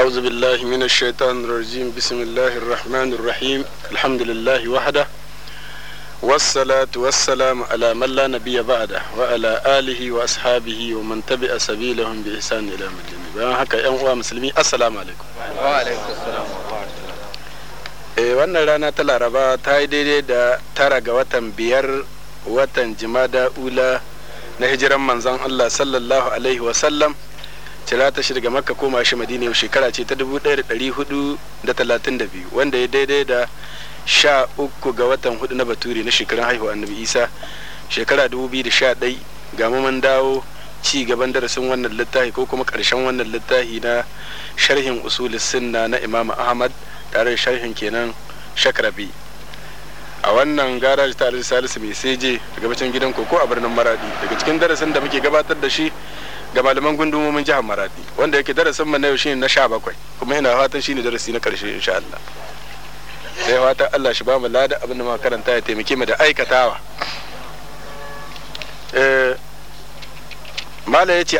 أعوذ بالله من الشيطان الرجيم بسم الله الرحمن الرحيم الحمد لله وحده والصلاة والسلام على من لا نبي بعده وعلى آله وأصحابه ومن تبع سبيلهم بإحسان إلى مدينة بأن حكا يا مسلمي السلام عليكم وعليكم السلام wannan rana ta laraba ta yi daidai da tara ga watan biyar watan jimada ula na hijiran manzon allah sallallahu alaihi wasallam hijira ta shi daga makka koma shi madina yau shekara ce ta 1432 wanda ya daidai da sha uku ga watan hudu na bature na shekarun haihuwa annabi isa shekara 2011 ga mun dawo ci gaban darasin wannan littafi ko kuma karshen wannan littafi na sharhin usul sunna na imam ahmad tare da sharhin kenan shakrabi a wannan garaji ta salisu mai seje daga bacin gidan koko a birnin maradi daga cikin darasin da muke gabatar da shi ga malaman gundumomin jihar maradi wanda yake darasin mu na yau shine na sha bakwai kuma ina fatan shine darasi na karshe insha Allah sai fatan Allah shi ba mu lada abin da karanta ya taimake mu da aikatawa eh ya yace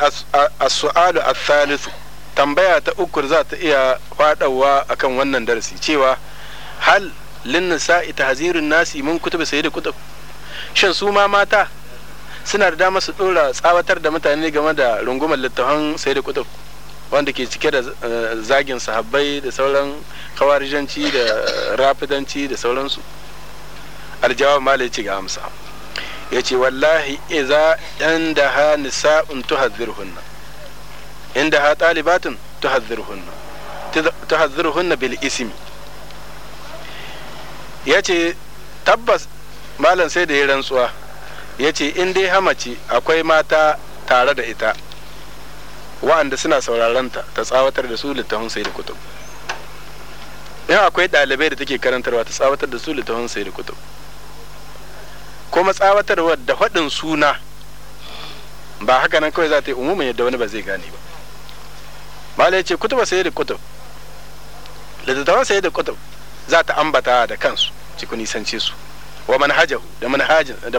as-su'alu as tambaya ta uku za ta iya fadawa akan wannan darasi cewa hal lin nisa'i tahzirun nasi mun kutuba da kutub shin su ma mata suna da dama su dora tsawatar da mutane game da rungumar littafan sai da kutub wanda ke cike da eh, zagin sahabbai da sauran kawarijanci da rafidanci da sauransu aljawab mala ya ce ga amsa ya ce wallahi iza yan da ha nisa'un in inda ha talibatun tuhazzirhunna tuhazzirhunna bil isimi ya ce tabbas malam sai da ya rantsuwa ya ce in dai hamaci akwai mata tare da ita wa'anda suna sauraron ta ta tsawatar da su littafin sai da kutub in akwai ɗalibai da take karantarwa ta tsawatar da su littafin sai da kutub kuma tsawatarwa da faɗin suna ba haka nan kawai za ta yi umumin yadda wani ba zai gane ba bala ya ce kutuba sai da kutub littattafan sai da kutub za ta ambata da kansu cikin nisance su wa manhajahu da manhajin da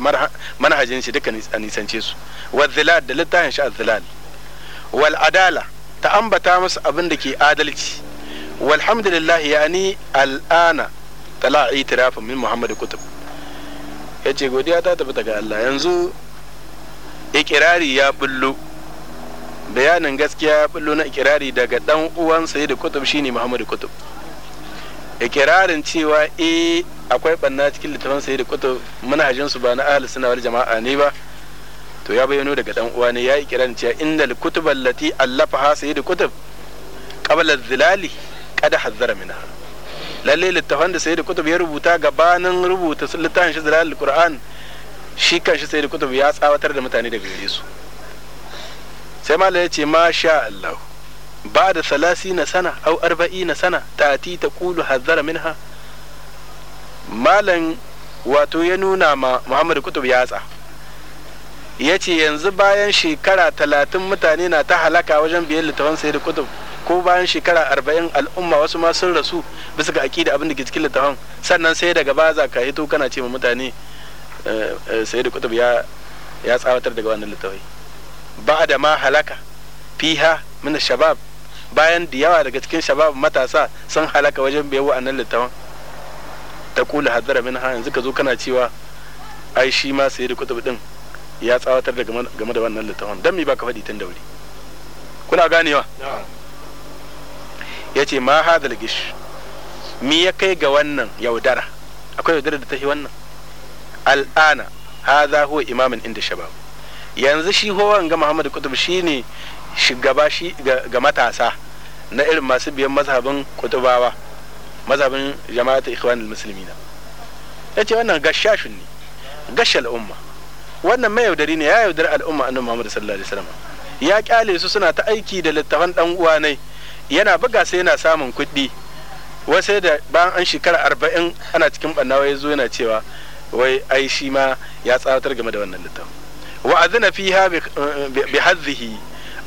manhajin shi duka a nisance su wa zilal da littafin shi az-zilal wal adala ta ambata musu abin da ke adalci walhamdulillah yani al'ana tala itirafin min muhammad kutub yace godiya ta tafi daga Allah yanzu ikirari ya bullo bayanin gaskiya ya bullo na ikirari daga dan uwan sayyid kutub shine muhammad kutub ikirarin cewa eh akwai banna cikin littafin sai da kutu manhajin su ba na ahli suna wal jama'a ne ba to ya bayyano daga dan uwa ne ya yi kiran cewa innal kutubal lati allafaha sayyid kutub qabla dhilali qad hazzara minha lalle littafin da sayyid kutub ya rubuta gabanin rubuta littafin shi zilalul qur'an shi kanshi sayyid kutub ya tsawatar da mutane daga gare su sai malai ya ce masha Allah ba da salasi na sana au arba'i na sana ta ti ta kulu hazzara minha malam wato ya nuna ma muhammad kutub yatsa ya ce yanzu bayan shekara talatin mutane na ta halaka wajen biyan littafan sayar kutub ko bayan shekara arba'in al'umma wasu ma sun rasu bisa ga aƙida abin da ke cikin littafan sannan sai daga baza ka hito kana ce ma mutane eh, eh, sayar kutub ya ya tsawatar daga wannan littafai ba da ma halaka fiha min shabab bayan da yawa daga cikin shabab matasa sun halaka wajen biyan wa'annan littafan ta kula hadara min ha yanzu ka zo kana cewa ai shi ma sai da kutub din ya tsawatar da game da wannan littafin dan me baka faɗi tun da wuri kuna ganewa ya ce ma ha gish mi ya kai ga wannan yaudara akwai yaudara da ta yi wannan al'ana za huwa imamin inda shabab yanzu shi howan ga muhammadu kutub shine shugaba shi ga matasa na irin masu biyan mazhabin kutubawa mazhabin jama'atu ikhwanul muslimina yace wannan gashashun ne gashi al'umma wannan mai yaudari ne ya yaudari al'umma annabi Muhammad sallallahu alaihi wasallam ya kyale su suna ta aiki da littafan dan uwa ne yana buga sai yana samun kuɗi wasai da bayan an shekara arba'in ana cikin bannawa ya zo yana cewa wai ai shi ma ya tsawatar game da wannan littafin wa azina fiha bi hazzihi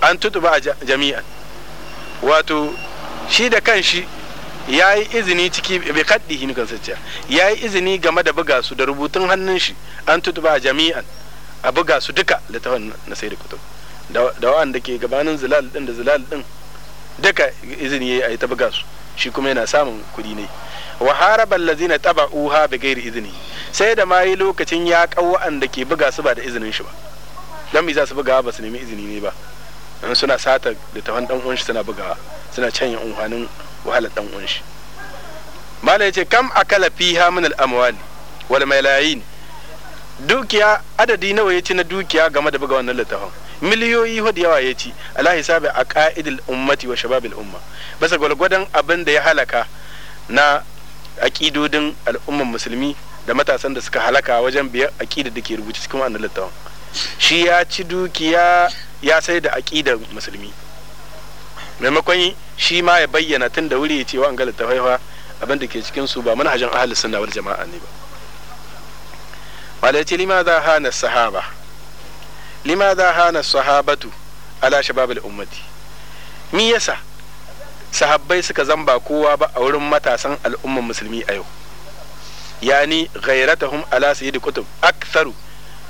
an tutuba jami'an wato shi da shi. ya yi izini ciki bai kaɗi hini kan sace ya yi izini game da buga su da rubutun hannun shi an ba jami'an a buga su duka littafin na sai da kutub da da ke gabanin zilal din da zilal din duka izini ya yi ta buga su shi kuma yana samun kuɗi ne wa haraba allazina taba'uha bi ghairi izini sai da ma yi lokacin ya kawo wa'anda ke buga su ba da izinin shi ba dan me za su buga ba su nemi izini ne ba suna sata littafin dan uwan shi suna bugawa suna canya unhwanin wahalar dan uwan shi mala yace kam akala fiha min al amwal wal malayin dukiya adadi nawa yace na dukiya game da buga wannan littafin miliyoyi hudu yawa ya ci ala hisabi a ka'idil ummati wa shababil umma basa gwalgwadon abin da ya halaka na aƙidodin al'umman musulmi da matasan da suka halaka wajen biyar aƙida da ke rubuce cikin wannan littafin shi ya ci dukiya ya sai da aƙidar musulmi maimakon shi ma ya bayyana tun da wuri ya ce an galata haifa abin da ke cikin su ba manhajin ahalus sunna wal jama'a ne ba lima za hana sahaba lima za hana sahabatu ala shababul ummati mi yasa sahabbai suka zamba kowa ba a wurin matasan al'ummar musulmi a yau ya yani ghairatahum ala sayyid kutub aktharu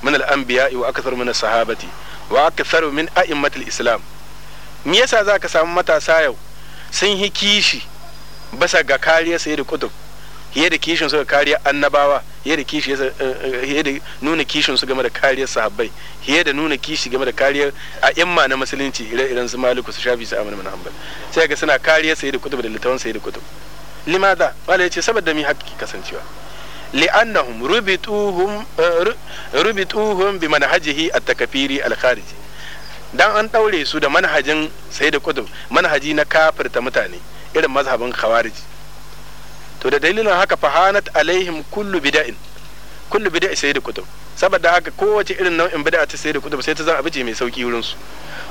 min al-anbiya'i wa aktharu min as-sahabati wa aktharu min a'immatil islam me yasa za ka samu matasa yau sun yi kishi basa ga kariya sai da kudu ya da kishin su ga kariya annabawa ya da kishi ya da nuna kishin su game da kariyar sahabbai ya da nuna kishi game da kariyar a imma na musulunci ire-iren su maliku su shafi su amina mana sai ga suna kariyar sai da kudu da litawan sai da kudu limada wala yace saboda mi haƙƙi kasancewa li'annahum rubituhum eh, rubituhum bi manhajihi at-takfiri al-khariji dan an ɗaure su da manhajin sai da kudu manhaji na kafirta mutane irin mazhabin khawarij to da dalilin haka fahanat alaihim kullu bida'in kullu bida'i sai da kudu saboda haka kowace irin nau'in bida'a ta sai da kudu sai ta zama abuje mai sauki wurin su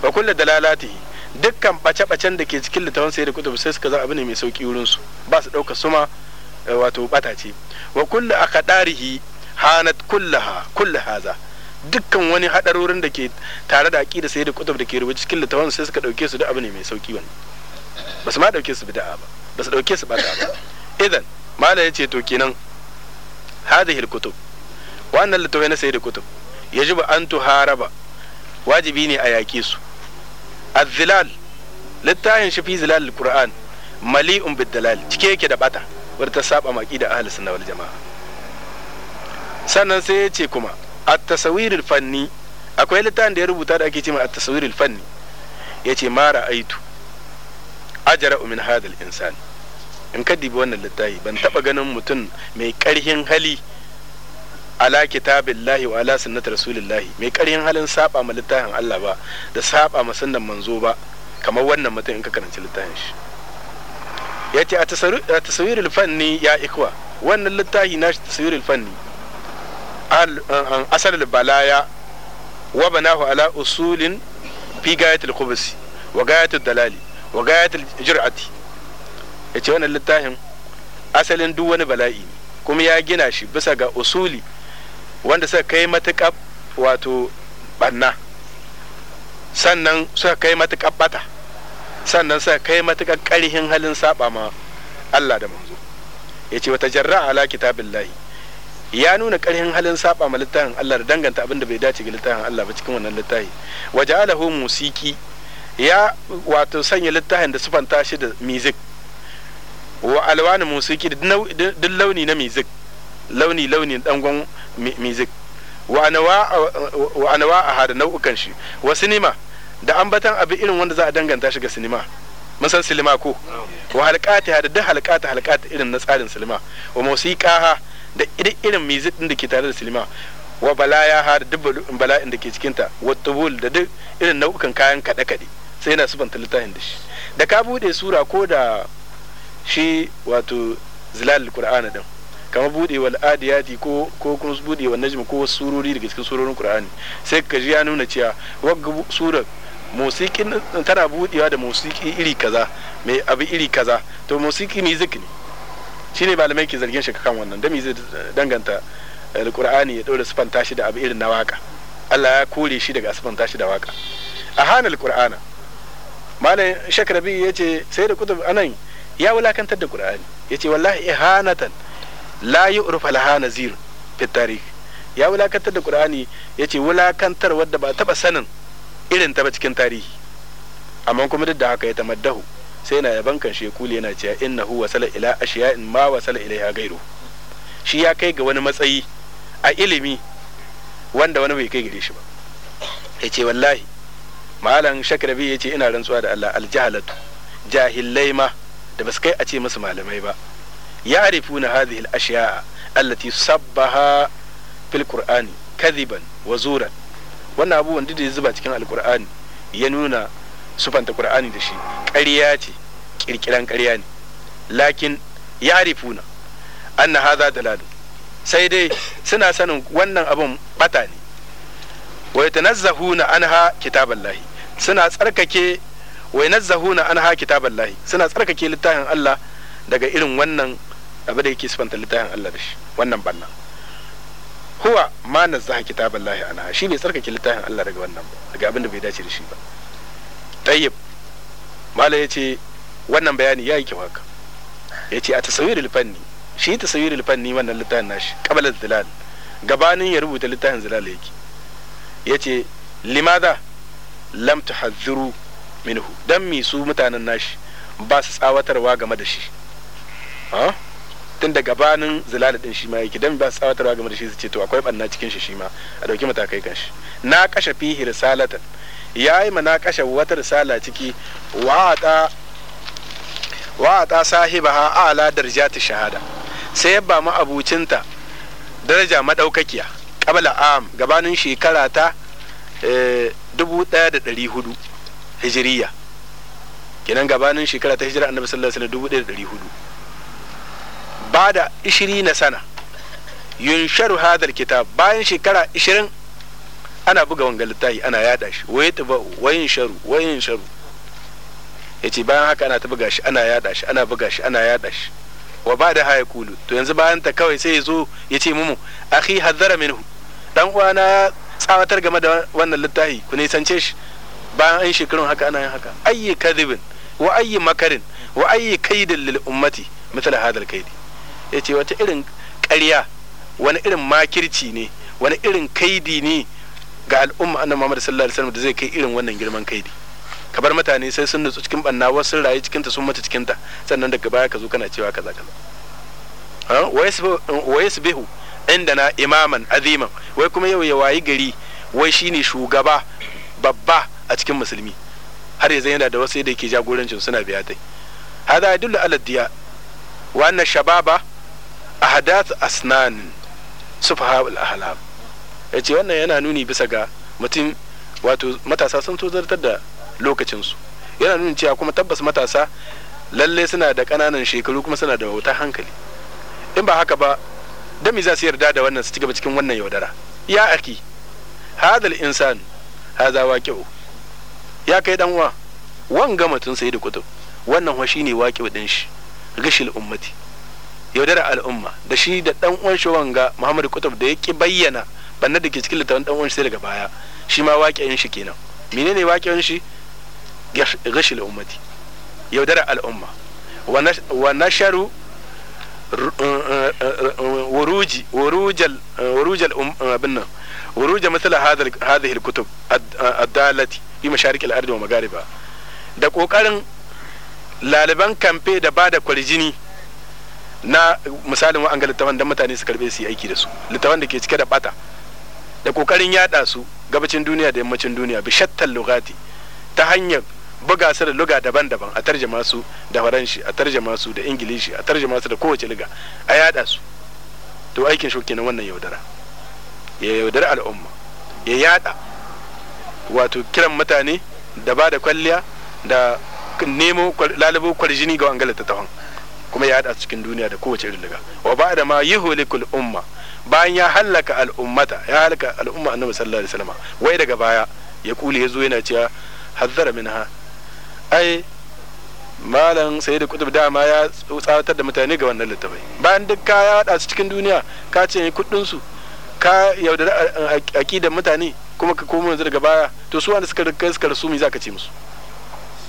wa kullu dalalati dukkan bace-bacen da ke cikin littafin sai da kudu sai suka zama abu ne mai sauki wurin su ba su ɗauka suma eh, wato bata ce wa kullu aqdarihi hanat kullaha kullu haza dukkan wani hadarorin da ke tare da aqida sai da kutub da ke rubuce cikin littafin sai suka dauke su da abu ne mai sauki wani ba su ma dauke su bid'a ba ba su dauke su da'a ba idan mala yace to kenan hadhihi al-kutub wannan littafai na sayyid kutub yajib an tuharaba wajibi ne a yaƙe su az-zilal littafin shi fi zilal al-qur'an mali'un bid-dalal cike yake da bata wadda ta saba maqida ahli sunna wal jama'a sannan sai ya ce kuma التصوير الفني fanni akwai littafin da ya rubuta da ake cewa a tasawir fanni yace ma ra'aitu ajra min hadha al-insan in ka dibi wannan littafi ban taba ganin mutum mai karhin hali ala kitabillahi wa ala sunnati rasulillahi mai karhin halin saba ma littafin Allah ba da saba ma sunnan manzo ba kamar wannan mutum in ka karanci littafin shi yace a tasawirul fanni ya ikwa wannan littafi na tasawirul fanni asal balaya wa banahu ala usulin fi gayatul qubsi wa gayatul dalali wa gayatul jur'ati yace wannan littafin asalin duk wani bala'i ne kuma ya gina shi bisa ga usuli wanda suka kai matuƙa wato banna sannan suka kai matuƙa bata sannan suka kai matuƙa ƙarhin halin saba ma Allah da manzo yace wata jarra ala kitabillahi ya nuna ƙarfin halin saba ma littafin Allah da danganta abin da bai dace ga littafin Allah ba cikin wannan littafi wa ja'alahu musiki ya wato sanya littafin da sufan tashi da music wa alwani musiki da duk launi na music launi launi dangon music wa anawa a hada nau'ukan shi wa sinima da ambatan abin irin wanda za a danganta shi ga sinima musan silima ko wa halqati hada da halqata halqata irin na tsarin silima wa ha. da irin mizi din da ke tare da silima wa balaya ya da duk bala'in da ke cikinta wa tubul da duk irin nau'ukan kayan kaɗe-kaɗe sai yana sufanta littafin da shi da ka buɗe sura ko da shi wato zilal qur'ana din kamar buɗe wal adiyati ko ko kuma buɗe wa najm ko wasu surori daga cikin surorin qur'ani sai ka ji ya nuna cewa wagga sura musikin tana buɗewa da musiki iri kaza mai abu iri kaza to musiki music ne ne malamai ke zargin shi kan wannan dami zai danganta eh, alkur'ani ya dora sifanta shi da abu irin na waka Allah ya kore shi daga sifanta shi da waka a hana alkur'ana malam shakrabi ce sai da kutub anan ya wulakantar da qur'ani ce wallahi ihanatan la yu'rif laha nazir fi tarikh ya wulakantar da qur'ani ce wulakantar wadda ba taba sanin irin ta ba cikin tarihi amma kuma duk da haka ya tamaddahu sai na yaban kan shekuli yana cewa huwa sala ila ashiya'in ma wa sala ilaiha gairu shi ya kai ga wani matsayi a ilimi wanda wani bai kai gare shi ba ya ce wallahi malam shakrabi ya ce ina rantsuwa da Allah aljahalatu jahillai ma da basu kai a ce musu malamai ba ya arifuna hadhihi al-ashiya'a allati sabbaha fil qur'ani kadiban wa zuran wannan abubuwan da ya zuba cikin alqur'ani ya nuna sufanta qur'ani da shi ƙarya ce ƙirƙiran ƙarya ne lakin yarifuna anna hadha dalalun sai dai suna sanin wannan abin bata ne wai ha anha lahi suna tsarkake wai nazzahuna anha lahi suna tsarkake littafin Allah daga irin wannan abu da yake sufanta littafin Allah da shi wannan bannan huwa ma nazzaha lahi anha shi bai tsarkake littafin Allah daga wannan daga abin da bai dace da shi ba tayyib malam ya ce wannan bayani ya yi kyau haka ya ce a tasawirul fanni shi tasawirul fanni wannan littafin nashi qabla zilal gabanin ya rubuta littafin zilal yake ya ce limada lam tuhadhiru minhu dan mi su mutanen nashi ba su tsawatarwa game da shi tun da gabanin zilal din shi ma yake dan ba su tsawatarwa game da shi su ce to akwai banna cikin shi shi ma a dauki matakai kan shi na kashe fihi risalatan ya yi kashe wata risala ciki wa a ta sahiba ha ala darja ta shahada sai ya mu abucinta daraja madaukakiya kabla am gabanin shekara ta 1400 eh, hijiriya kenan gabanin shekara ta hijira annabi sallallahu alaihi wasallam 1400 ba da 20 na sana yunsharu hadar kitab bayan shekara 20 ana buga wanga littafi ana yada shi waye tuba wayin sharu wayin sharu Ya ce bayan haka ana ta buga shi ana yada shi ana buga shi ana yada shi wa ba da haya kulu to yanzu bayan ta kawai sai ya zo ya ce mumu akhi hazzara minhu dan uwana tsawatar game da wannan littafi ku nisance shi bayan an shekarun haka ana yin haka ayi kadibin wa ayi makarin wa ayi kaidin lil ummati misal hadal kaidi yace wata irin ƙarya wani irin makirci ne wani irin kaidi ne ga al'umma annabi Muhammad sallallahu alaihi wasallam da zai kai irin wannan girman kaidi ka bar mutane sai sun nutsu cikin banna wasu rayu cikin ta sun mutu cikin ta sannan daga baya ka zo kana cewa kaza kaza wa yasbihu na imaman aziman wai kuma yau ya wayi gari wai shine shugaba babba a cikin musulmi har ya zai yana da wasu da yake jagorancin suna biya tai hada yadullu ala diya wa anna shababa ahdath asnan sufaha al ahlam ya ce wannan yana nuni bisa ga mutum wato matasa sun tozartar da lokacinsu yana nuni cewa kuma tabbas matasa lalle suna da kananan shekaru kuma suna da wautar hankali in ba haka ba dami za su yarda da wannan su ci gaba cikin wannan yaudara ya aki hadal insan haza waqi'u ya kai dan wa wanga mutum sai da kutub wannan wa shine waqi'u din shi gashil ummati yaudara al'umma da shi da dan uwan shi wanga Muhammadu Kutub da yake bayyana banna da ke cikin littafin dan uwan sai daga baya shi ma waƙiyan shi kenan menene waƙiyan shi gashil ummati yaudara al'umma wa nasharu uh, uh, uh, wuruji wurujal wurujal um, abinna nan wuruja misala hadhihi al-kutub ad-dalati bi masharik al-ard wa magariba da kokarin laliban kamfe da bada kwarjini na misalin wa'an ga littafan mutane su karbe su yi aiki da su littafan da ke cike da bata da kokarin yada su gabacin duniya da yammacin duniya bi shattal lugati ta hanyar buga su da luga daban-daban a tarjama su da faranshi a tarjama su da ingilishi a tarjama su da kowace luga a yada su to aikin shi kenan wannan yaudara ya yaudara al'umma ya yada wato kiran mutane da ba da kwalliya da nemo lalabo kwarjini ga wangala ta tawon kuma ya hada cikin duniya da kowace irin daga wa ba da ma yuhlikul umma bayan ya halaka al'ummata ya halaka al'umma annabi sallallahu alaihi wasallam wai daga baya ya kuli ya zo yana cewa hazzara minha ai malam sai da kutub dama ya tsawatar da mutane ga wannan littafai bayan duk ka yada su cikin duniya ka ce kudin su ka yaudar aqidar mutane kuma ka komo yanzu daga baya to su wanda suka rika suka rasu mi zaka ce musu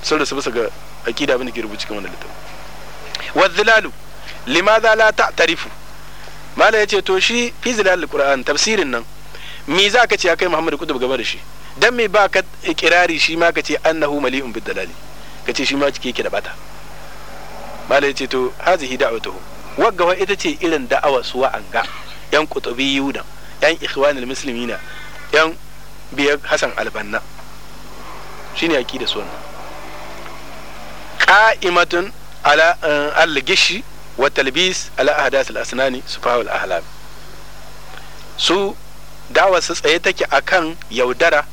sun rasu bisa ga aqida abin da ke rubuci cikin wannan littafi wa dhilalu limadha la ta'tarifu mala ya ce to shi fi zilalul qur'an tafsirin nan me za ka ce akai muhammadu kutub game da shi dan me ba ka ikirari shi ma ka ce annahu mali'un bid dalali ka ce shi ma cike yake da bata mala ya ce to hazihi da'watuhu wagga ita ce irin da'awa su anga yan qutubiyyu yuda yan ikhwanul muslimina yan biyar hasan albanna shine aqida su wannan qa'imatun ala eh, al-gishi wa talbis ala ahdas al asnani sufahu al ahlam su dawa su tsaye take akan yaudara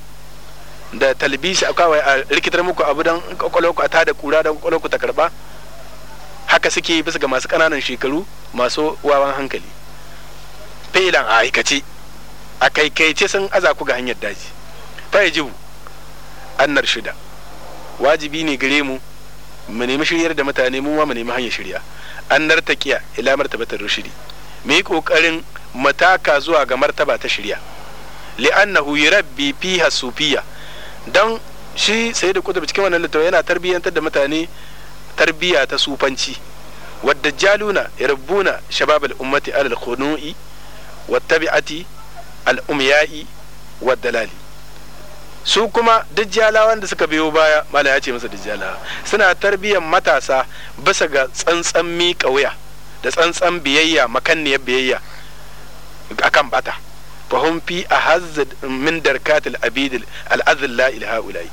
da talbisi akwai a rikitar muku abu dan kwakwalwa da a da kura da kwakwalwa ta karba haka suke bisa ga masu kananan shekaru masu wawan hankali filan a aikace a kaikaice sun aza ku ga hanyar daji fayajibu annar shida wajibi ne gare mu mu nemi shiryar da mutane mu ma mu nemi hanyar shirya an nartakiya ila martabatar rushidi mu yi kokarin mataka zuwa ga martaba ta shirya li'annahu yurabbi fiha sufiya don shi sai da kutubu cikin wannan littafin yana tarbiyyantar da mutane tarbiyya ta sufanci wadda jaluna yarabbuna shabab al-ummati alal khunu'i wa al-umya'i wa dalali su kuma dajjalawan da suka biyo baya mala ya ce masa dajjalawa suna tarbiyyar matasa bisa ga tsantsan miƙa wuya da tsantsan biyayya makanniyar biyayya akan bata fahim fi a hazzad min darkatil abidil al'azilla ilha'ulai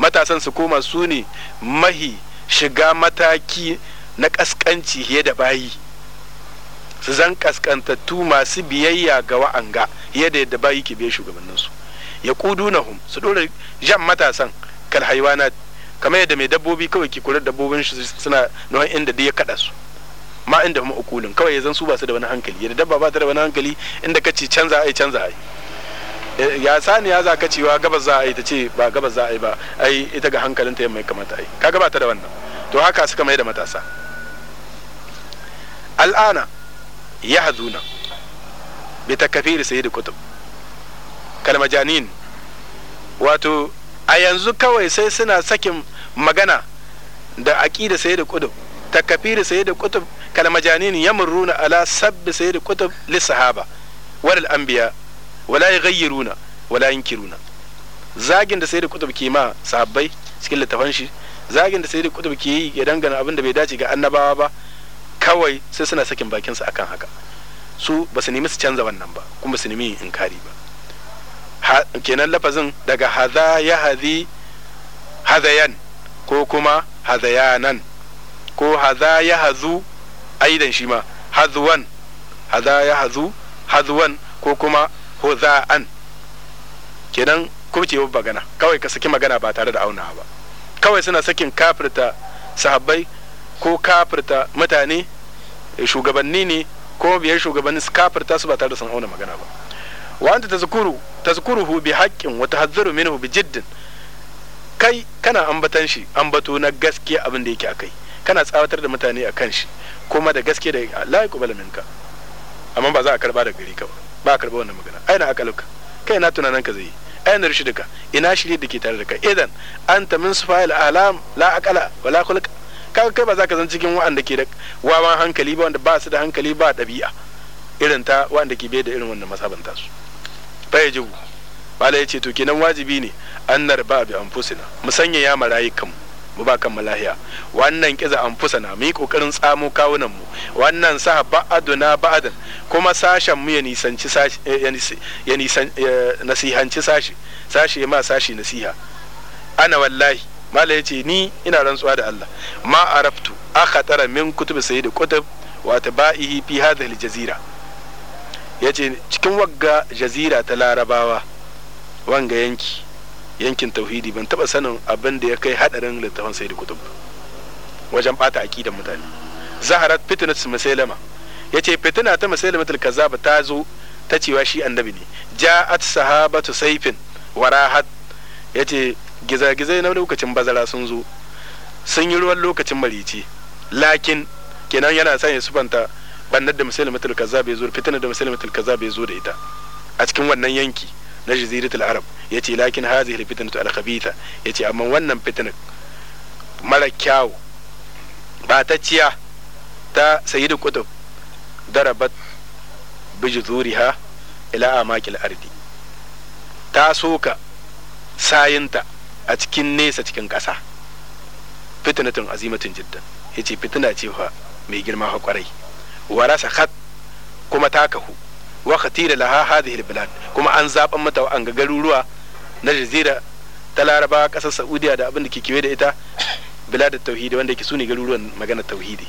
matasan su koma su ne mahi shiga mataki na ƙasƙanci fiye da bayi su zan ƙasƙantattu masu biyayya ga wa'anga yadda yadda bayi ke biye shugabanninsu ya hum su dora jan matasan kal haiwana kamar yadda mai dabbobi kawai ke kula dabbobin shi suna nau'in inda da ya kada su ma inda mu ukulin kawai ya zan su ba su da wani hankali yadda dabba ba ta da wani hankali inda kace canza ai canza ai eh, ya sani ya za ka cewa gabas za a yi ta ce ba gabas za a yi ba ai ita ga hankalinta yamma ya kamata ai ka gabata da wannan to haka suka mai da matasa al'ana ya hazuna bi takafiri sayyid kutub kalmajanin wato a yanzu kawai sai suna sakin magana da da sai da takafi da sai da kutub kalmajanin yamurruna ala sabbi sai da kutub lissahaba wal anbiya wala yaghayyiruna wala yunkiruna zagin da sai da kutub ke ma sahabbai cikin littafan shi zagin da sai da kutub ke yi ya dangana abin da bai dace ga annabawa ba kawai sai suna sakin bakinsa akan haka su ba su nemi su canza wannan ba kuma su nemi inkari ba kenan lafazin daga haza ya hazi hazayan ko kuma hazayanan ko haza ya hazu aidan shi ma hazuwan haza ya hazu hazuwan ko kuma hoza'an kenan kubcewar magana kawai ka saki magana ba tare da aunawa ba kawai suna sakin kafirta sahabbai ko kafirta mutane eh, shugabanni ne ko biyar shugabanni su kafirta su ba tare da sun auna magana ba wa anta tazkuru tazkuruhu bi haƙƙin wa min minhu bi jiddin kai kana ambatan shi ambato na gaskiya abin da yake akai kana tsawatar da mutane a kan shi kuma da gaskiya da la yuqbalu minka amma ba za a karba da gari ka ba ba a karba wannan magana aina akaluka kai na tunanin ka zai aina rushidika ina shirye da ke tare da kai idan anta min sufa'il alam la aqala wala khulq kaga kai ba za ka zan cikin wa'anda ke da wawan hankali ba wanda ba su da hankali ba ɗabi'a irin ta wa'anda ke bai da irin wannan masabanta su fa yajibu yace to kenan wajibi ne an narba bi anfusina mu sanya ya marayukan mu ba kan malahiya wannan kiza anfusana mu yi kokarin tsamo kawunan mu wannan sa ba'aduna ba'adan kuma sashen mu ya nisanci ya nisan nasihanci sashi sashi ma sashi nasiha ana wallahi mala yace ni ina rantsuwa da Allah ma araftu akhatara min kutub sayyid kutub wa taba'ihi fi hadhihi aljazira. ya ce cikin wagga jazira ta larabawa wanga yanki yankin tauhidi ban taba sanin abin da ya kai hadarin littafin sai da kutub wajen bata aqidan mutane zaharat fitnat musailama yace fitina ta musailamatul kazzab ta zo ta cewa shi annabi ne ja'at sahabatu saifin warahat yace gizagizai na lokacin bazara sun zo sun yi ruwan lokacin marici lakin kenan yana sanya ya sufanta bannar da musulmatul kaza bai zo fitina da musulmatul kaza bai zo da ita a cikin wannan yanki na jaziratul arab yace lakin hazihi fitnatu al khabitha yace amma wannan fitnar mara kyawu Ba ta ta sayyidu kutub darabat bijzuriha ila amakil ardi ta soka sayinta a cikin nesa cikin ƙasa fitnatun azimatun jiddan yace fitina ce fa mai girma ha kwarai wa rasakhat kuma ta kahu wa khatira laha hadhihi albilad kuma an zaban mata an ga garuruwa na jazira ta laraba kasar saudiya da abin da ke kiwe da ita biladar tauhidi wanda yake sune garuruwan magana tauhidi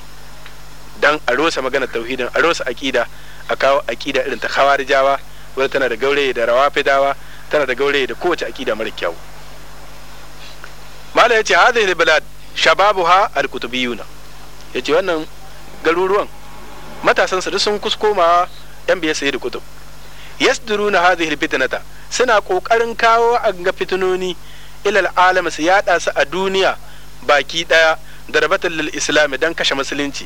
dan a rosa magana tauhidin a rosa aqida a kawo aqida irin ta khawarijawa wadda tana da gauraye da rawafidawa tana da gauraye da kowace aqida mara kyau mala yace hadhihi albilad shababuha alkutubiyuna yace wannan garuruwan matasan su sun kuskoma yan biyar kudu kutub yasduruna hadhihi alfitnata suna kokarin kawo a ga fitinoni ilal alam su yada su a duniya baki daya rabatar lil islami don kashe musulunci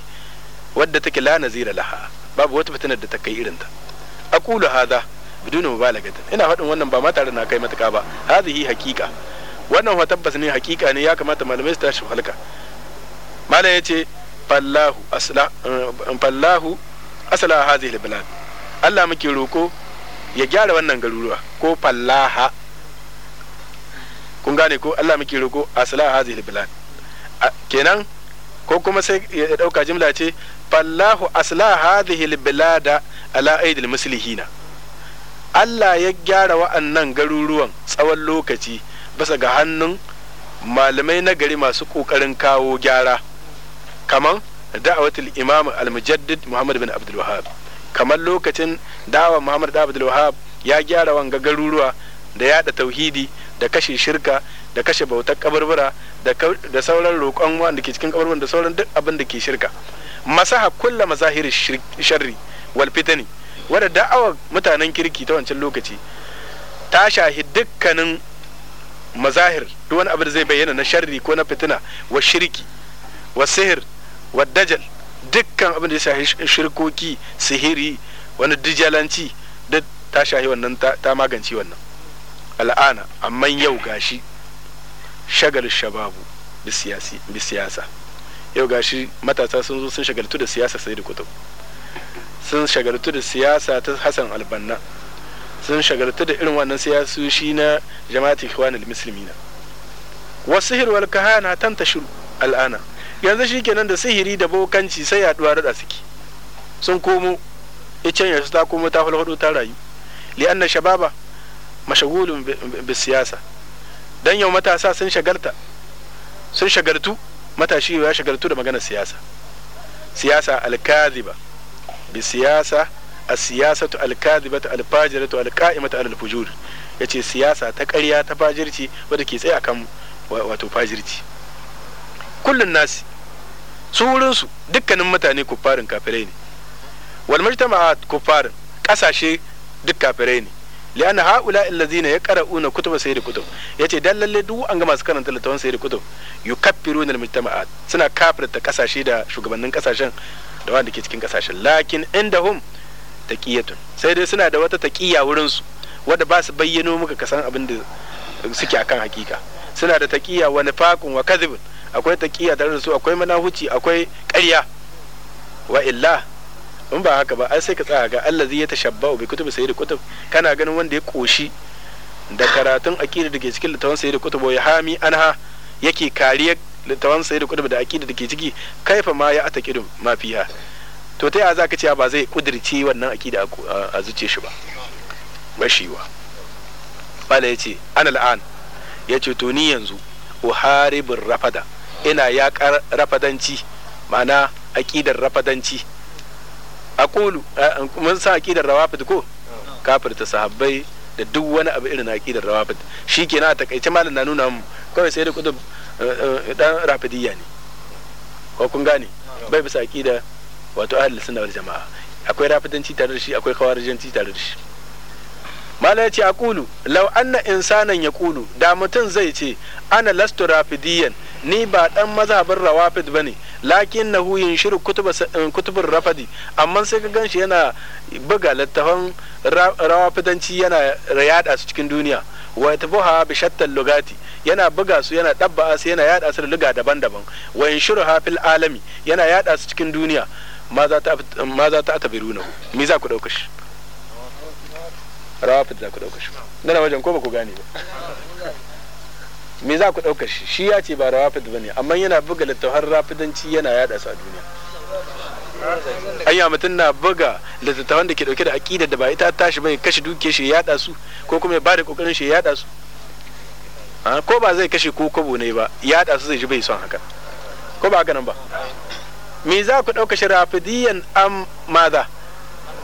wadda take la nazira laha babu wata fitinar da ta kai irinta aqulu ba biduna mubalagatin ina faɗin wannan ba ma na kai matuƙa ba hadhihi hakika wannan wa tabbas ne hakika ne ya kamata malamai su tashi halka mala ce. fallahu asla eh, fallahu asla hadhihi albalad Allah muke roko ya gyara wannan garuruwa ko fallaha kun gane ko Allah muke roko asla hadhihi albalad kenan ko kuma sai ya dauka jimla ce fallahu asla hadhihi albalada ala aidil muslihina Allah ya gyara wa'annan garuruwan tsawon lokaci bisa ga hannun malamai na gari masu kokarin kawo gyara kaman da'awatul imam al-mujaddid muhammad bin abdul wahhab kamar lokacin da'awa muhammad bin abdul wahhab ya gyara wanga garuruwa da yada tauhidi da kashe shirka da kashe bautar kaburbura da sauran roƙon wanda ke cikin kaburbura da sauran duk abin da ke shirka masaha kulla mazahir sharri wal fitani wadda da'awa mutanen kirki ta wancan lokaci ta shahi dukkanin mazahir duk wani abin da zai bayyana na sharri ko na fitina wa shirki wa sihir waddajal dukkan abin da ya shahi shirkoki sihiri wani dijalanci duk ta shahi wannan ta magance wannan al'ana amma yau gashi shagal shababu bi siyasa yau gashi matasa sun zo sun shagaltu da siyasa sai da kutub sun shagaltu da siyasa ta hassan albanna sun shagaltu da irin wannan siyasoshi na jama'ati musulmi muslimina wasu hirwar kahana shiru al'ana yanzu shi kenan da sihiri da bokanci sai ya duwa da suke sun komo canya yanzu ta komo ta falfado ta rayu na shababa mashagulun bi siyasa dan yau matasa sun shagarta sun shagartu matashi ya shagartu da magana siyasa siyasa alkaziba bi siyasa siyasa siyasatu alkaziba ta alfajira fajiratu alka'ima ta alfujur ya yace siyasa ta karya ta fajirci wadda ke tsaye akan wato fajirci kullun nasi su wurinsu dukkanin mutane kuffarin kafirai ne wal mujtama'at kuffarin kasashe duk kafirai ne lian haula allazina yaqra'una kutuba sayyid kutub yace dan lalle duk an ga masu karanta littafin sayyid kutub yukaffiruna al mujtama'at suna kafirta kasashe da shugabannin kasashen da wanda ke cikin kasashen lakin indahum taqiyatun sai dai suna da wata taqiya wurin su wanda ba su bayyano muka kasan abin da suke akan hakika suna da taqiya wa nifaqun wa kadhibun akwai taqiya tare da su akwai manahuci akwai ƙarya wa illa in ba haka ba ai sai ka tsaya ga zai ya tashabba bi kutubi sayyid kutub kana ganin wanda ya koshi da karatun aqida da ke cikin littafin sayyid kutub ya hami anha yake kariyar littafin sayyid kutub da aqida da ke ciki kaifa ma ya ataqidu ma fiha to ta yaya ka ce ba zai kudirce wannan aqida a zuce shi ba bashiwa bala yace ana al'an yace to ni yanzu uharibur rafada ina yaƙar rafadanci ma'ana aƙidar rafadanci ƙulu eh, mun sa aƙidar rawafid ko kafirta sahabbai da duk wani abu irin aƙidar rawafid ke na takaice malam na nuna mu kawai sai da kudin dan eh, eh, rafidiyya ne ko kun gane bai bisa aƙida wato ahlus suna wal jamaa akwai rafidanci tare da shi akwai kawarijanci tare da shi mala a Kulu lauanna anna insanan Kulu da mutum zai ce ana lastu rafidiyan ni ba dan mazhabin rawafid bane lakin na huyin shiru kutubin eh, rafadi amma sai ka ganshi yana buga littafan rawafidanci yana yada su cikin duniya wa yatbuha bi shattal lugati yana buga su yana dabba su yana yada su da luga daban-daban wa yunshiruha hafil alami yana yada su cikin duniya ma za ta atabiruna me za ku dauka shi rawafid za ku ɗauka shi nana wajen ko ba ku gane ba me za ku ɗauka shi shi ya ce ba rawafid ba ne amma yana buga littattafan rafidanci yana yaɗa su a duniya anya mutum na buga littattafan da ke ɗauke da aƙidar da ba ita tashi ba ya kashe duke shi ya yaɗa su ko kuma ya ba da ƙoƙarin shi ya yaɗa su ko ba zai kashe ko kobo ne ba ya yaɗa su zai ji bai son haka ko ba haka nan ba me za ku ɗauka shi rafidiyan am maza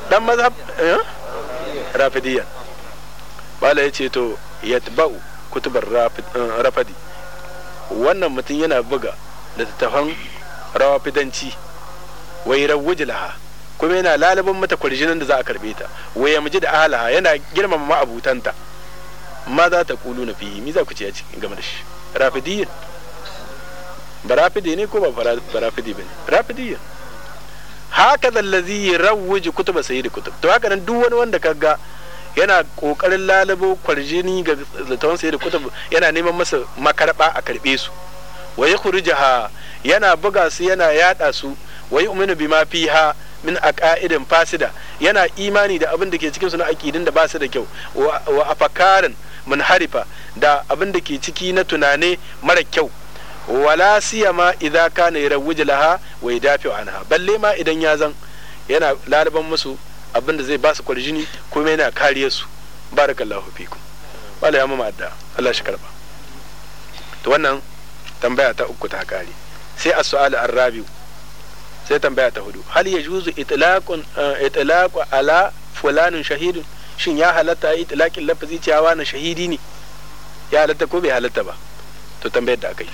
dan mazhab eh? rafidiyya bala ya ce to yatba'u kutubar eh, rafadi wannan mutum yana buga littattafan rafidanci wai rawuji laha kuma yana lalaban mata kwarjinin da za a karbe ta wai ya da ahalaha yana girmama ma'abutanta ma za ta kulu na fiye mi za ku ce a cikin game da shi rafidiyya ba ne ko ba barafidi ba ne rafidiyin haka zallazi rawuji kutuba da kutub to haka nan duk wani wanda ga yana kokarin lalabo kwarjini ga zaton da kutub yana neman masa makarba a karbe su wa yakhrujaha yana buga su yana yada su wa ma bima fiha min aqaidin fasida yana imani da abin da ke cikin su na aqidin da ba su da kyau wa afakarin munharifa da abin da ke ciki na tunane mara kyau wala siyama idza kana yarawuj laha wa yadafi anha balle ma idan ya zan yana laliban musu abinda zai ba su kwarjini kuma yana kariye su barakallahu fikum wala ya mama adda Allah shi karba to wannan tambaya ta uku ta kare sai as-su'al ar-rabi sai tambaya ta hudu hal yajuzu itlaqun eh, itlaqu ala fulanin shahidun shin ya halatta itlaqin lafazi cewa na shahidi ne ya halatta ko bai halatta ba to tambayar da aka yi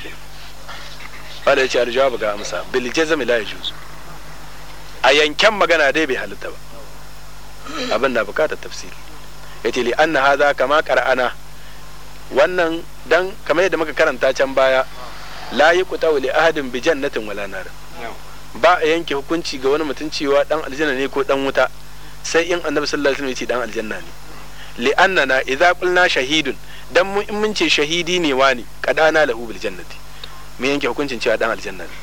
wanda ya ce aljawabu ga amsa bil jazmi la yajuz a yankan magana dai bai halitta ba abin na bukatar tafsiri yace li anna hadha kama qara'ana wannan dan kamar yadda muka karanta can baya la yuqta li ahadin bi jannatin wala nar ba a yanke hukunci ga wani mutum cewa dan aljanna ne ko dan wuta sai in annabi sallallahu alaihi wasallam yace dan aljanna ne li annana idza qulna shahidun dan mun in mun ce shahidi ne wani qadana lahu bil jannati mun yanke hukuncin cewa dan aljanna ne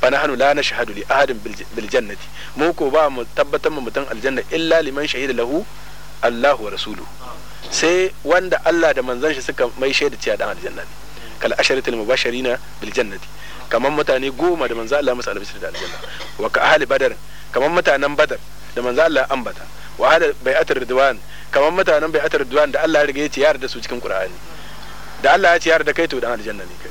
fa nahnu la nashhadu li ahadin bil jannati mu ko ba mu tabbatar mu mutan aljanna illa liman shahida lahu Allahu wa rasuluhu sai wanda Allah da manzon shi suka mai shaida cewa dan aljanna ne kal asharatil mubasharina bil jannati kamar mutane goma da manzo Allah masa albisir da aljanna wa ka ahli badar kamar mutanen badar da manzo Allah ambata wa hada bai'atar ridwan kamar mutanen bai'atar ridwan da Allah ya riga ya ce da su cikin qur'ani da Allah ya ce da kai to dan aljanna ne kai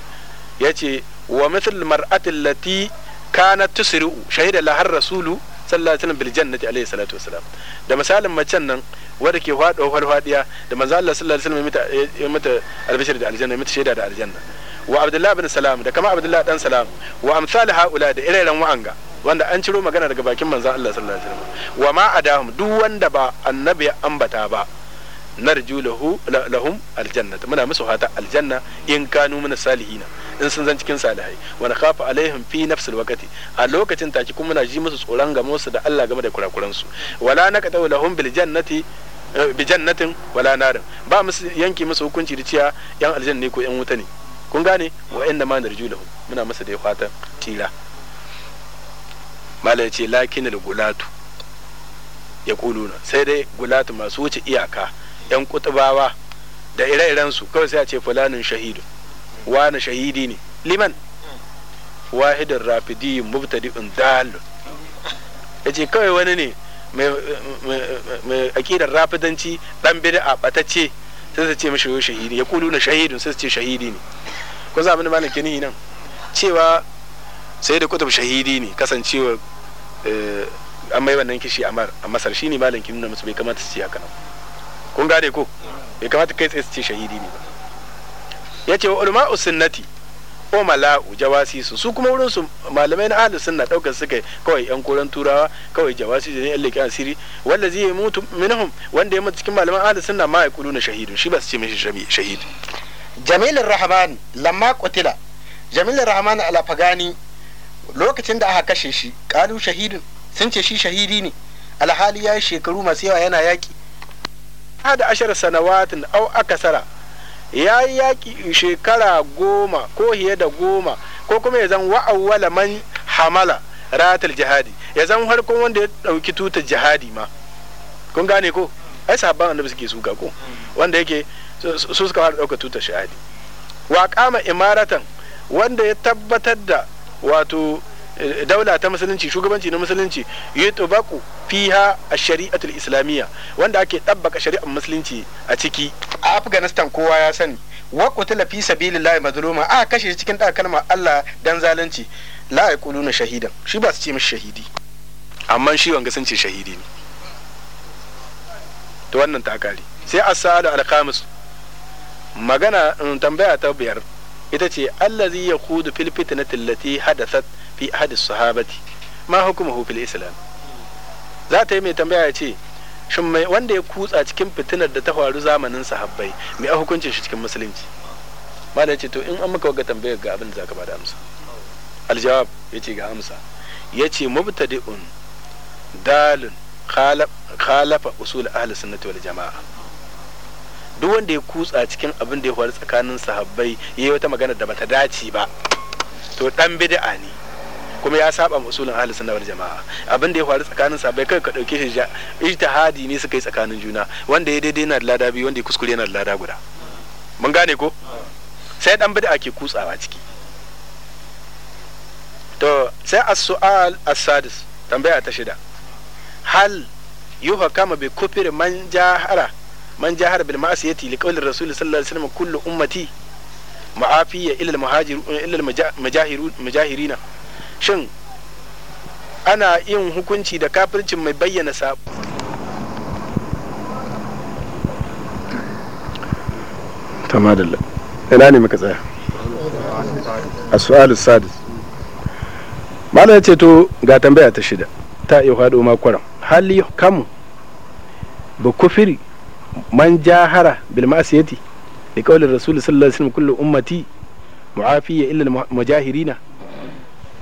Ya ce wa mithl mar'atil lati kana tusri'u shahida lahar rasulu sallallahu alaihi wasallam bil jannati alaihi salatu wasalam da misalin macen nan wanda ke fado farfadiya da manzo Allah sallallahu alaihi wasallam ya mata albishir da aljanna mata shaida da aljanna wa abdullahi bin salam da kama abdullahi dan salam wa amsal haula da irairan wa'anga wanda an ciro magana daga bakin manzo Allah sallallahu alaihi wasallam wa ma adahum duk wanda ba annabi ya ambata ba narju lahu lahum aljanna muna musu hata aljanna in kanu min salihina in sun zan cikin salihai wa kafa alaihim fi nafsil waqti a lokacin take kuma na ji musu tsoron game su da Allah game da kurakuran su wala na naqatu lahum bil jannati eh, bi jannatin wala narin ba musu yanki musu hukunci da ciya yan aljanna ko yan wuta ne kun gane wa inda ma narju lahum muna masa da fata tila malai ce lakin gulatu ya kuluna sai dai gulatu masu wuce iyaka yan kutubawa da ire-irensu kawai sai a ce fulanin shahidu wani shahidi ne liman wahidin rafidi mubtadi'un dalil yace kawai wani ne mai akidar rafidanci dan bid'a batacce sai su ce mishi yau shahidi ya kulu na shahidun sai su ce shahidi ne ko za mu mana kini nan cewa sai da kutub shahidi ne kasancewa eh, an mai wannan kishi a masar ne malam kin nuna musu bai kamata su ce haka nan kun gane ko bai kamata kai tsaye su ce shahidi ne ba ya ce wa ulama sunnati o mala'u jawasi su su kuma wurin su malamai na ahlus sunna daukar suka kawai yan koran turawa kawai jawasi ne yan leƙen asiri wanda zai mutu minhum wanda ya mutu cikin malaman ahlus sunna ma na shahidu shi ba su ce mishi shahidu. jamil rahman lamma qutila jamilur rahman alafagani lokacin da aka kashe shi kalu shahidun sun ce shi shahidi ne alhali ya yi shekaru masu yawa yana yaki hada ashar sanawatin au akasara ya yi yaƙi shekara goma ko fiye da goma ko kuma ya zan wa'awwala man hamala ratul jihadi ya zan harkon wanda ya ɗauki tutar jihadi ma kun gane ko ai sabon annabi suke suka ko wanda yake su suka fara ɗauka tutar shahadi wa kama imaratan wanda ya tabbatar da wato daula ta musulunci shugabanci na musulunci yutbaqu fiha a shariatul islamiyya wanda ake ɗabbaka shari'ar musulunci a ciki a Afghanistan kowa ya sani wa qutila fi sabilillahi mazluma a kashe cikin da kalmar Allah dan zalunci la yaquluna shahidan shi ba su ce mishi shahidi amma shi wanga sun ce shahidi ne to wannan ta kare sai as-sa'al al-khamis magana mm, tambaya ta biyar ita ce allazi yaqudu fil fitnati allati hadathat fi ahadi sahabati ma hukumuhu fil islam za ta yi mai tambaya ya ce shin mai wanda ya kutsa cikin fitinar da ta faru zamanin sahabbai mai a hukuncin shi cikin musulunci malam ce to in an maka waga tambayar ga abin da zaka bada amsa aljawab yace ga amsa yace mubtadi'un dalun khalafa usul ahli sunnati wal jama'a duk wanda ya kutsa cikin abin da ya faru tsakanin sahabbai yayi wata magana da bata dace ba to dan bid'a ne kuma ya saba ma usulin ahli sunna wal jama'a abin da ya faru tsakanin bai kai ka dauke shi ijtihadi ne suka yi tsakanin juna wanda ya daidai yana da lada biyu wanda ya kuskure yana da lada guda mun gane ko sai dan bid'a ke kutsawa ciki to sai as-su'al as-sadis tambaya ta shida hal kama bi kufir man jahara man jahara bil ma'siyati li qawli rasul sallallahu alaihi wasallam kullu ummati ma'afiya illa al-muhajirun illa al-mujahirina shin ana yin hukunci da kafircin mai bayyana sabo tamadalla ina ne muka tsaya a su'alu sadis malam ya ce to ga tambaya ta shida ta iya haɗo makwaran hali kamu ba kufiri man jahara bil ma'asiyati da kawalin rasul sallallahu alaihi wasallam kullu ummati mu'afiya illa mujahirina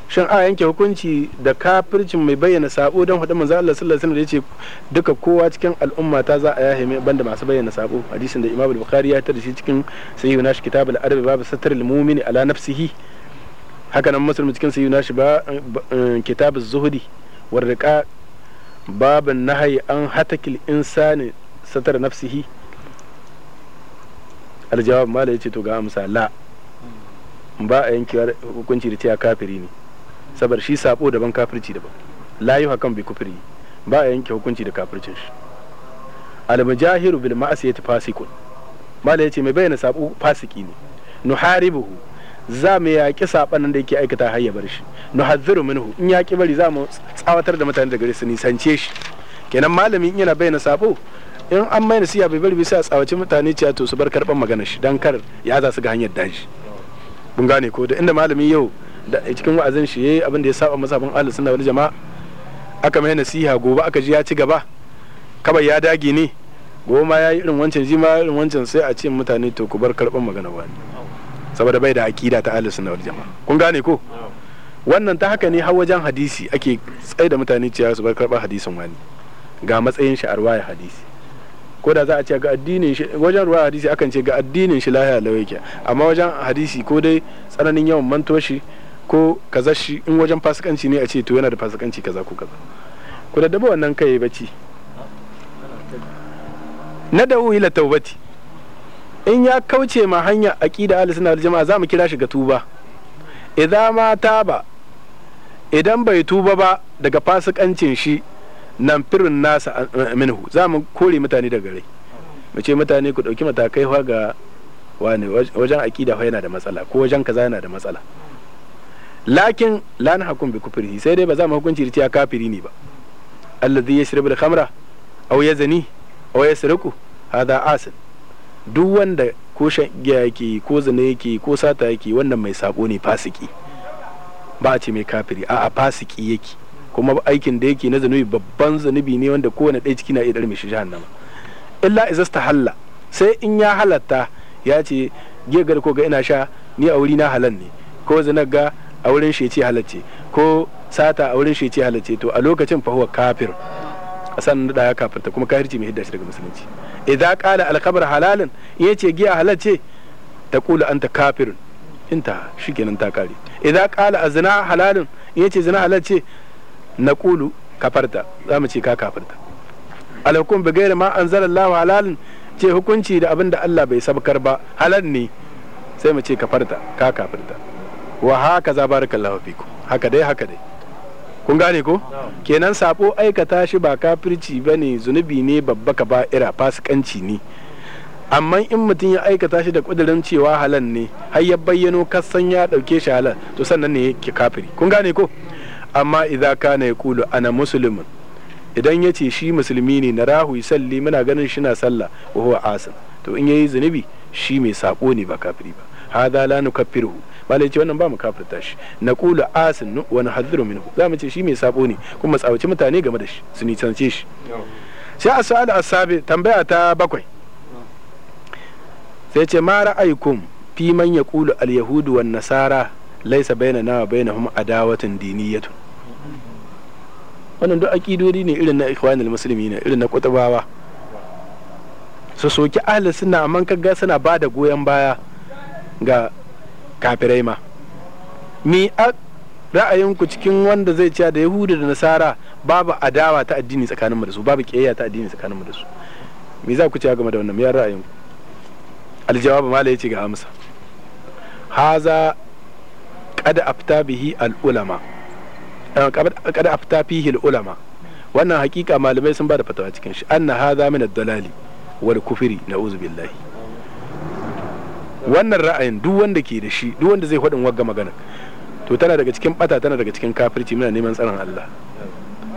shin a yanke hukunci da kafircin mai bayyana sabo don hudu manzo Allah sallallahu alaihi wasallam da yace duka kowa cikin al'umma ta za a yahe mai banda masu bayyana sabo hadisin da Imam Bukhari ya tada shi cikin sahihu nashi kitabul arba babu satr al mu'mini ala nafsihi haka nan muslim cikin sahihu nashi ba eh, kitabuz zuhdi war riqa babu nahyi an hatakil insani satar nafsihi aljawab mala yace to ga amsa la ba a yanke hukunci da cewa kafiri ne sabar shi sabo daban kafirci daban la yi hakan bi kufiri ba a yanke hukunci da kafircin shi almujahiru bil ma'asiyati fasikun mala yace mai bayyana sabo fasiki ne nuharibuhu za mu yaƙi nan da yake aikata har ya bar shi nuhazziru minhu in ya bari za mu tsawatar da mutane daga su nisance shi kenan malamin yana bayyana sabo in an mai nasiya bai bari bisa tsawace tsawaci mutane cewa to su bar karban magana shi dan kar ya za su ga hanyar daji mun gane ko da inda malami yau cikin wa'azin shi yayi abin da ya saba masabin ahlus sunna wal jama'a aka mai nasiha gobe aka ji ya ci gaba kaba ya dage ne gobe ma ya yi irin wancan ji ma irin wancan sai a ce mutane to ku bar karban magana wani saboda bai da aqida ta ahlus sunna wal jama'a kun gane ko wannan ta haka ne har wajen hadisi ake tsai da mutane cewa su bar karban hadisin wani ga matsayin shi arwaya hadisi ko da za a ce ga addinin shi wajen ruwa hadisi akan ce ga addinin shi lahiya lau amma wajen hadisi ko dai tsananin yawan mantoshi ko kaza shi in wajen fasikanci ne a ce to yana da fasikanci kaza ko kaza ku daddaba wannan kai bacci na da ila taubati in ya kauce ma hanya aqida ahli sunna wal jama'a zamu kira shi ga tuba idan ma taba idan bai tuba ba daga fasikancin shi nan firin nasa eh, eh, minhu za mu kore mutane daga rai mu ce mutane ku dauki matakai ga wane wajen aqida fa yana da matsala ko wajen kaza yana da matsala lakin la na hakun bi kufrihi sai dai ba za mu hukunci da cewa kafiri ne ba allazi yashrabu al-khamra aw yazni aw yasriqu hada asin duk wanda ko shagiya yake ko zina yake ko sata yake wannan mai sako ne fasiki ba a ce mai kafiri a fasiki yake kuma aikin da yake na zanubi babban zanubi ne wanda kowane ɗaya ciki na iya darme shi jahannama illa izasta halla sai in ya halatta ya ce gegar ko ga ina sha ni a wuri na halan ne ko zanar ga a wurin shi ce halacce ko sata a wurin shi ce halacce to a lokacin fa huwa kafir a san da ya kafirta kuma kafirci mai hidda shi daga musulunci idza qala al halalin halalan yace giya halacce taqulu anta kafirun inta shikenan ta kare idza qala azna halalun yace zina halacce naqulu kafarta za mu ce ka kafirta alhukum bi ghairi ma anzalallahu halalan ce hukunci da abin da Allah bai sabkar ba halal ne sai mu ce kafarta ka kafirta wa haka za barakallahu fiku haka dai haka dai kun gane ko kenan sabo aikata shi ba kafirci bane zunubi ne babba ka ira fasikanci ne amma in mutum ya aikata shi da kudirin cewa halal ne har ya bayyano kasan ya dauke shi halal to sannan ne ke kafiri kun gane ko amma idza kana yaqulu ana muslimun idan ya ce shi musulmi ne na rahu salli muna ganin shi na sallah wa huwa asin to in yayi zunubi shi mai sako ne ba kafiri ba hadha la nukaffiruhu malai ce wannan ba mu kafirta shi na kula asin wa nahadhiru min za mu ce shi mai sabo ne kuma tsawaci mutane game da shi su nisance shi sai a as'al asabi tambaya ta bakwai sai ce ma ra'aykum fi man yaqulu al yahudu wan nasara laysa bainana wa bainahum adawatun diniyatun wannan duk akidodi ne irin na ikhwanul muslimin irin na kutubawa su soki ahli suna amma kaga suna ba da goyon baya ga kafirai ma mi a ra'ayinku cikin wanda zai ciya da yahudu da nasara babu adawa ta addini tsakaninmu da su babu kiyayya ta addini tsakaninmu da su me za ku ciya game da wannan ya ra'ayinku aljawab mala yace ga amsa haza qad afta bihi al ulama ah, qad afta fihi al ulama wannan hakika malamai sun ba da fatawa cikin shi anna hadha min ad-dalali wal kufri na'uzu billahi wannan ra'ayin duk wanda ke da shi duk wanda zai faɗin wagga magana to tana daga cikin bata tana daga cikin kafirci muna neman tsaron Allah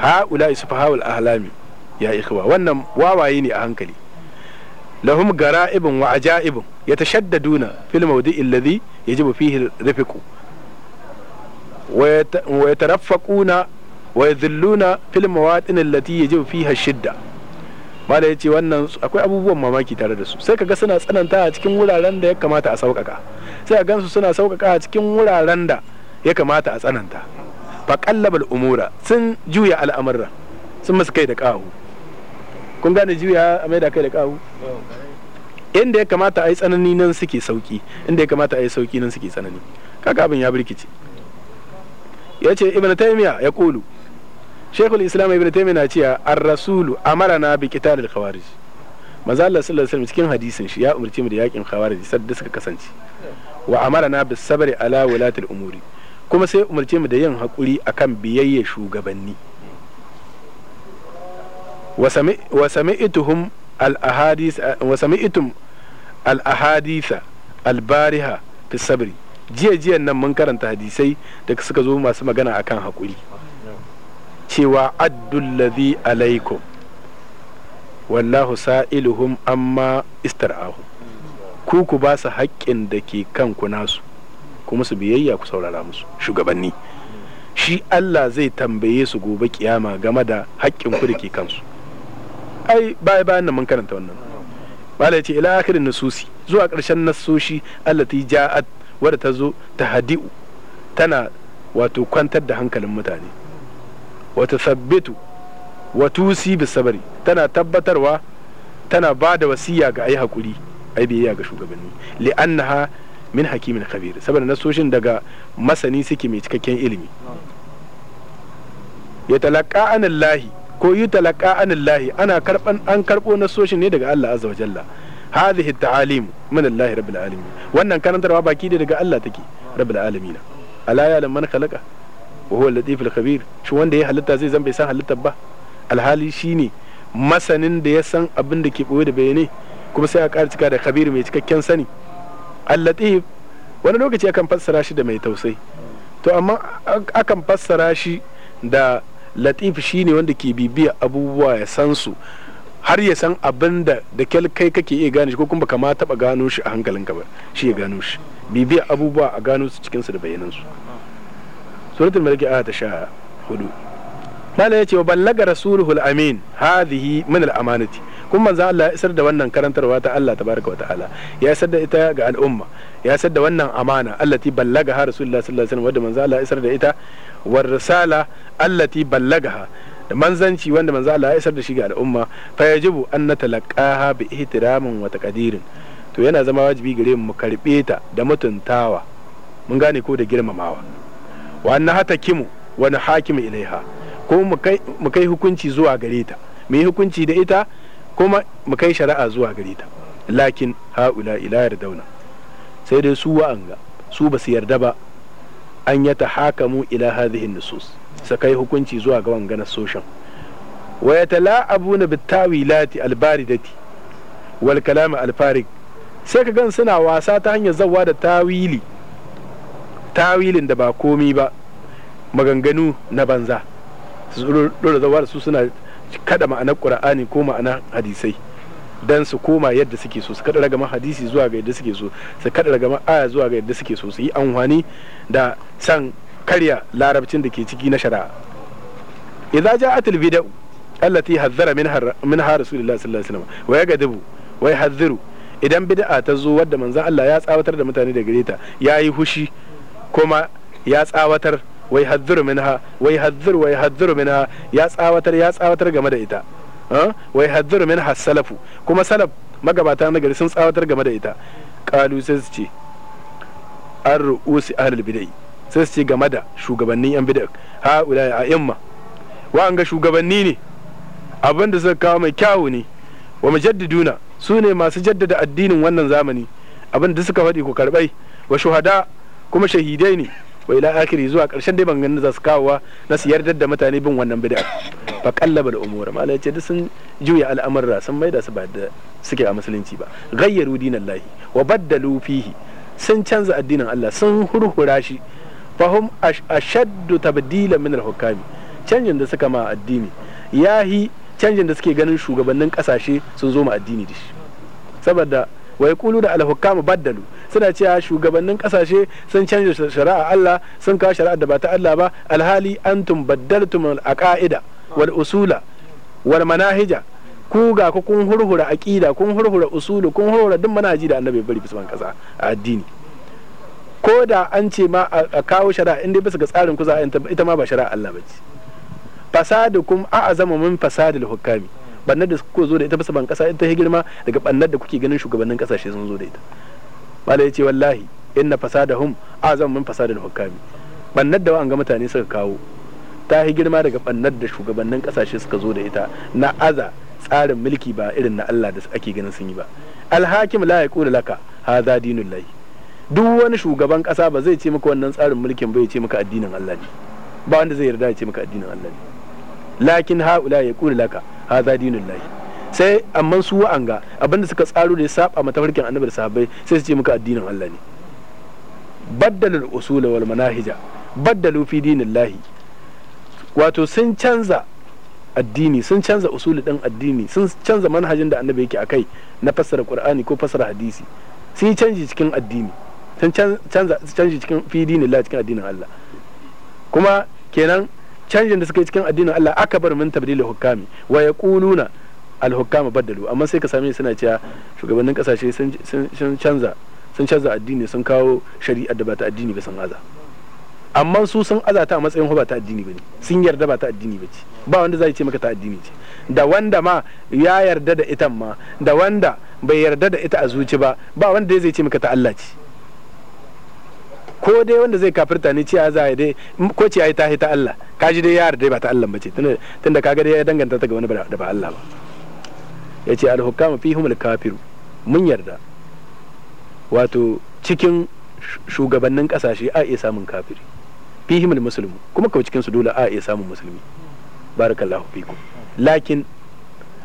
ha ha'ula isfahawul ahlami ya ikhwa wannan wawaye ne a hankali lahum gara'ibun wa ajaibun yatashaddaduna fil mawdi alladhi yajibu fihi rifiqu wa yatarafaquna wa yadhilluna fil mawadin allati yajibu fiha shidda mala ya ce wannan akwai abubuwan mamaki tare da su sai ka ga suna tsananta a cikin wuraren da ya kamata a sauƙaƙa sai a gansu suna sauƙaƙa a cikin wuraren da ya kamata a tsananta faƙallabal umura sun juya al'amurra sun masu kai da ƙahu kun gane juya a mai da kai da ƙahu inda ya kamata a yi tsanani nan suke sauki inda ya kamata a yi sauki nan suke tsanani kaka abin ya birkice ya ce ibn taymiya ya ƙulu shekul islam ibn taymiyyah na cewa ar-rasulu amarana bi maza khawarij manzo Allah sallallahu alaihi cikin hadisin shi ya umarci mu da yakin khawarij da suka kasance wa na bi sabri ala al umuri kuma sai umurce mu da yin hakuri akan biyayya shugabanni wa sami'tuhum al ahadith wa sami'tum al ahaditha al bariha fi sabri jiya jiya nan mun karanta hadisai da suka zo masu magana akan hakuri cewa addullazi alaikum wallahu sa'iluhum amma istar'ahu ku ku ba su haƙƙin da ke kanku nasu kuma su biyayya ku saurara musu shugabanni shi Allah zai tambaye su gobe kiyama game da haƙƙin ku da ke kansu ai baya bayan nan mun karanta wannan bala ya ce ila akhirin nususi zuwa ƙarshen nasoshi allati ja'at wadda ta zo ta hadi'u tana wato kwantar da hankalin mutane watasabbitu tathabbitu wa tusi tana tabbatarwa tana ba da wasiya ga ayi hakuri ai biyayya ga shugabanni li'annaha min hakimin khabir saboda nasoshin daga masani suke mai cikakken ilimi ya talaka anallahi ko yi talaka anallahi ana karban an karbo nasoshin ne daga Allah azza wa jalla hadhihi ta'alim min Allah rabbil alamin wannan karantarwa baki da daga Allah take rabbil alamin ala ya man khalaqa wa huwa latiful khabir shi wanda ya halitta zai zan bai san halittar ba alhali shine masanin da ya san abin da ke boye da bayane kuma sai a ƙara cika da Kabir mai cikakken sani al-latif wani lokaci akan fassara shi da mai tausayi to amma akan fassara shi da latif shine wanda ke bibiya abubuwa ya san su har ya san abin da da kai kake iya gane shi ko kuma kama taɓa gano shi a hankalinka ba shi ya gano shi bibiya abubuwa a gano su cikinsu da bayanansu suratul mulki aya ta sha hudu mala ya ce wa ballaga rasuluhul amin hadhihi min al amanati kuma manzo Allah ya isar da wannan karantarwa ta Allah tabaraka wa ta'ala ya isar da ita ga al'umma ya isar da wannan amana allati ballaga ha rasulullah sallallahu alaihi wasallam wanda manzo Allah ya isar da ita war risala allati ballagaha da manzanci wanda manzo Allah ya isar da shi ga al'umma fa yajibu an natalaqaha bi ihtiramin wa taqdirin to yana zama wajibi gare mu mu karbe ta da mutuntawa mun gane ko da girmamawa wa anna hata kimu wani hakim ilaiha kuma mu kai hukunci zuwa gare ta mu yi hukunci da ita kuma mu kai shari'a zuwa gare ta lakin haula ila yardauna sai dai su wa'anga su ba su yarda ba an ya ta hakamu ila hadhihi nusus su kai hukunci zuwa ga wayatala soshan wa ya tala'abuna bitawilati albaridati wal kalam alfarik sai ka gan suna wasa ta hanyar zawwa da tawili tawilin da ba komi ba maganganu na banza su dora zawa da su suna kada ma'anar qur'ani ko ma'anar hadisai dan su koma yadda suke so su kada ragama hadisi zuwa ga yadda suke so su kada ragama aya zuwa ga yadda suke so su yi amfani da san karya larabcin da ke ciki na shari'a idza ja'at al-bid'u allati hazzara minha minha rasulullahi sallallahu alaihi wasallam wa yaghdabu wa yahdhiru idan bid'a ta zo wadda manzon Allah ya tsawatar da mutane da gare ta yayi hushi kuma ya tsawatar wai min minha wai hazzur wai min minha ya tsawatar ya tsawatar game da ita wai min ha salafu kuma salaf magabata na gari sun tsawatar game da ita kalu sai su ce an ru'usi ahlul bid'ah sai su ce game da shugabannin yan bid'ah ha ula a imma wa ga shugabanni ne abin da suka kawo mai kyawu ne wa mujaddiduna su ne masu jaddada addinin wannan zamani abin da suka faɗi ku karɓai wa shuhada kuma shahidai ne wa ila akiri zuwa karshen dai bangan za su wa na su yardar da mutane bin wannan bid'a fa qallaba al umur malai ce duk sun juya al'amurra sun maida su ba da suke a musulunci ba ghayyaru dinallahi wa baddalu fihi sun canza addinin Allah sun hurhura shi fahum ashaddu tabdila min al-hukami canjin da suka ma addini yahi canjin da suke ganin shugabannin kasashe sun zo ma addini da shi saboda wai kulu da alhukamu baddalu suna cewa shugabannin kasashe sun canza shari'a Allah sun kawo shari'a da ba ta Allah ba alhali antum baddaltum al wal usula wal manahija ku ga ku kun hurhura aqida kun hurhura usulu kun hurhura duk manhaji da annabi bari bisan kasa a addini ko da an ce ma a kawo shari'a inda bisa ga tsarin ku za ita ma ba shari'a Allah bace fasadukum a'zamu min fasadil hukami bannar da suka zo da ita bisa ban kasa ita yi girma daga bannar da kuke ganin shugabannin kasashe sun zo da ita malai ya ce wallahi inna fasadahum azam min fasadil hukami bannar da ga mutane suka kawo ta yi girma daga bannar da shugabannin kasashe suka zo da ita na aza tsarin mulki ba irin na Allah da ake ganin sun yi ba alhakim la yaqulu laka hadha dinullahi duk wani shugaban kasa ba zai ce maka wannan tsarin mulkin ba ya ce maka addinin Allah ne ba wanda zai yarda ya ce maka addinin Allah ne lakin haula yaqulu laka dinin dinullahi sai amma su wa'anga abinda suka tsaro da ya saba matafarkin annabi da sahabbai sai su ce muka addinin Allah ne baddala al-usul wal manahija baddalu fi dinillahi wato sun canza addini sun canza usuli din addini sun canza manhajin da annabi yake akai na fassara qur'ani ko fassara hadisi sun yi canji cikin addini sun canza canji cikin fi dinillahi cikin addinin Allah kuma kenan canjin da suka yi cikin addinin Allah aka bar min tabdilil hukami wa yaquluna al hukama badalu amma sai ka same suna cewa shugabannin kasashe sun canza sun canza addini sun kawo shari'a da ba ta addini ba sun aza amma su sun aza ta a matsayin ba ta addini bane sun yarda ba ta addini ba ce ba wanda zai ce maka ta addini ce da wanda ma ya yarda da ita ma da wanda bai yarda da ita a zuci ba ba wanda zai ce maka ta Allah ce ko dai wanda zai kafirta ni ciya za dai ko ciya ta ta Allah kaji dai yar dai ba ta Allah bace tunda kaga dai ya danganta ta ga wani da ba Allah ba yace al hukamu fi humul kafiru mun yarda wato cikin shugabannin kasashe a iya samun kafiri fi himul muslimu kuma kawai cikin su dole a iya samun musulmi barakallahu fikum lakin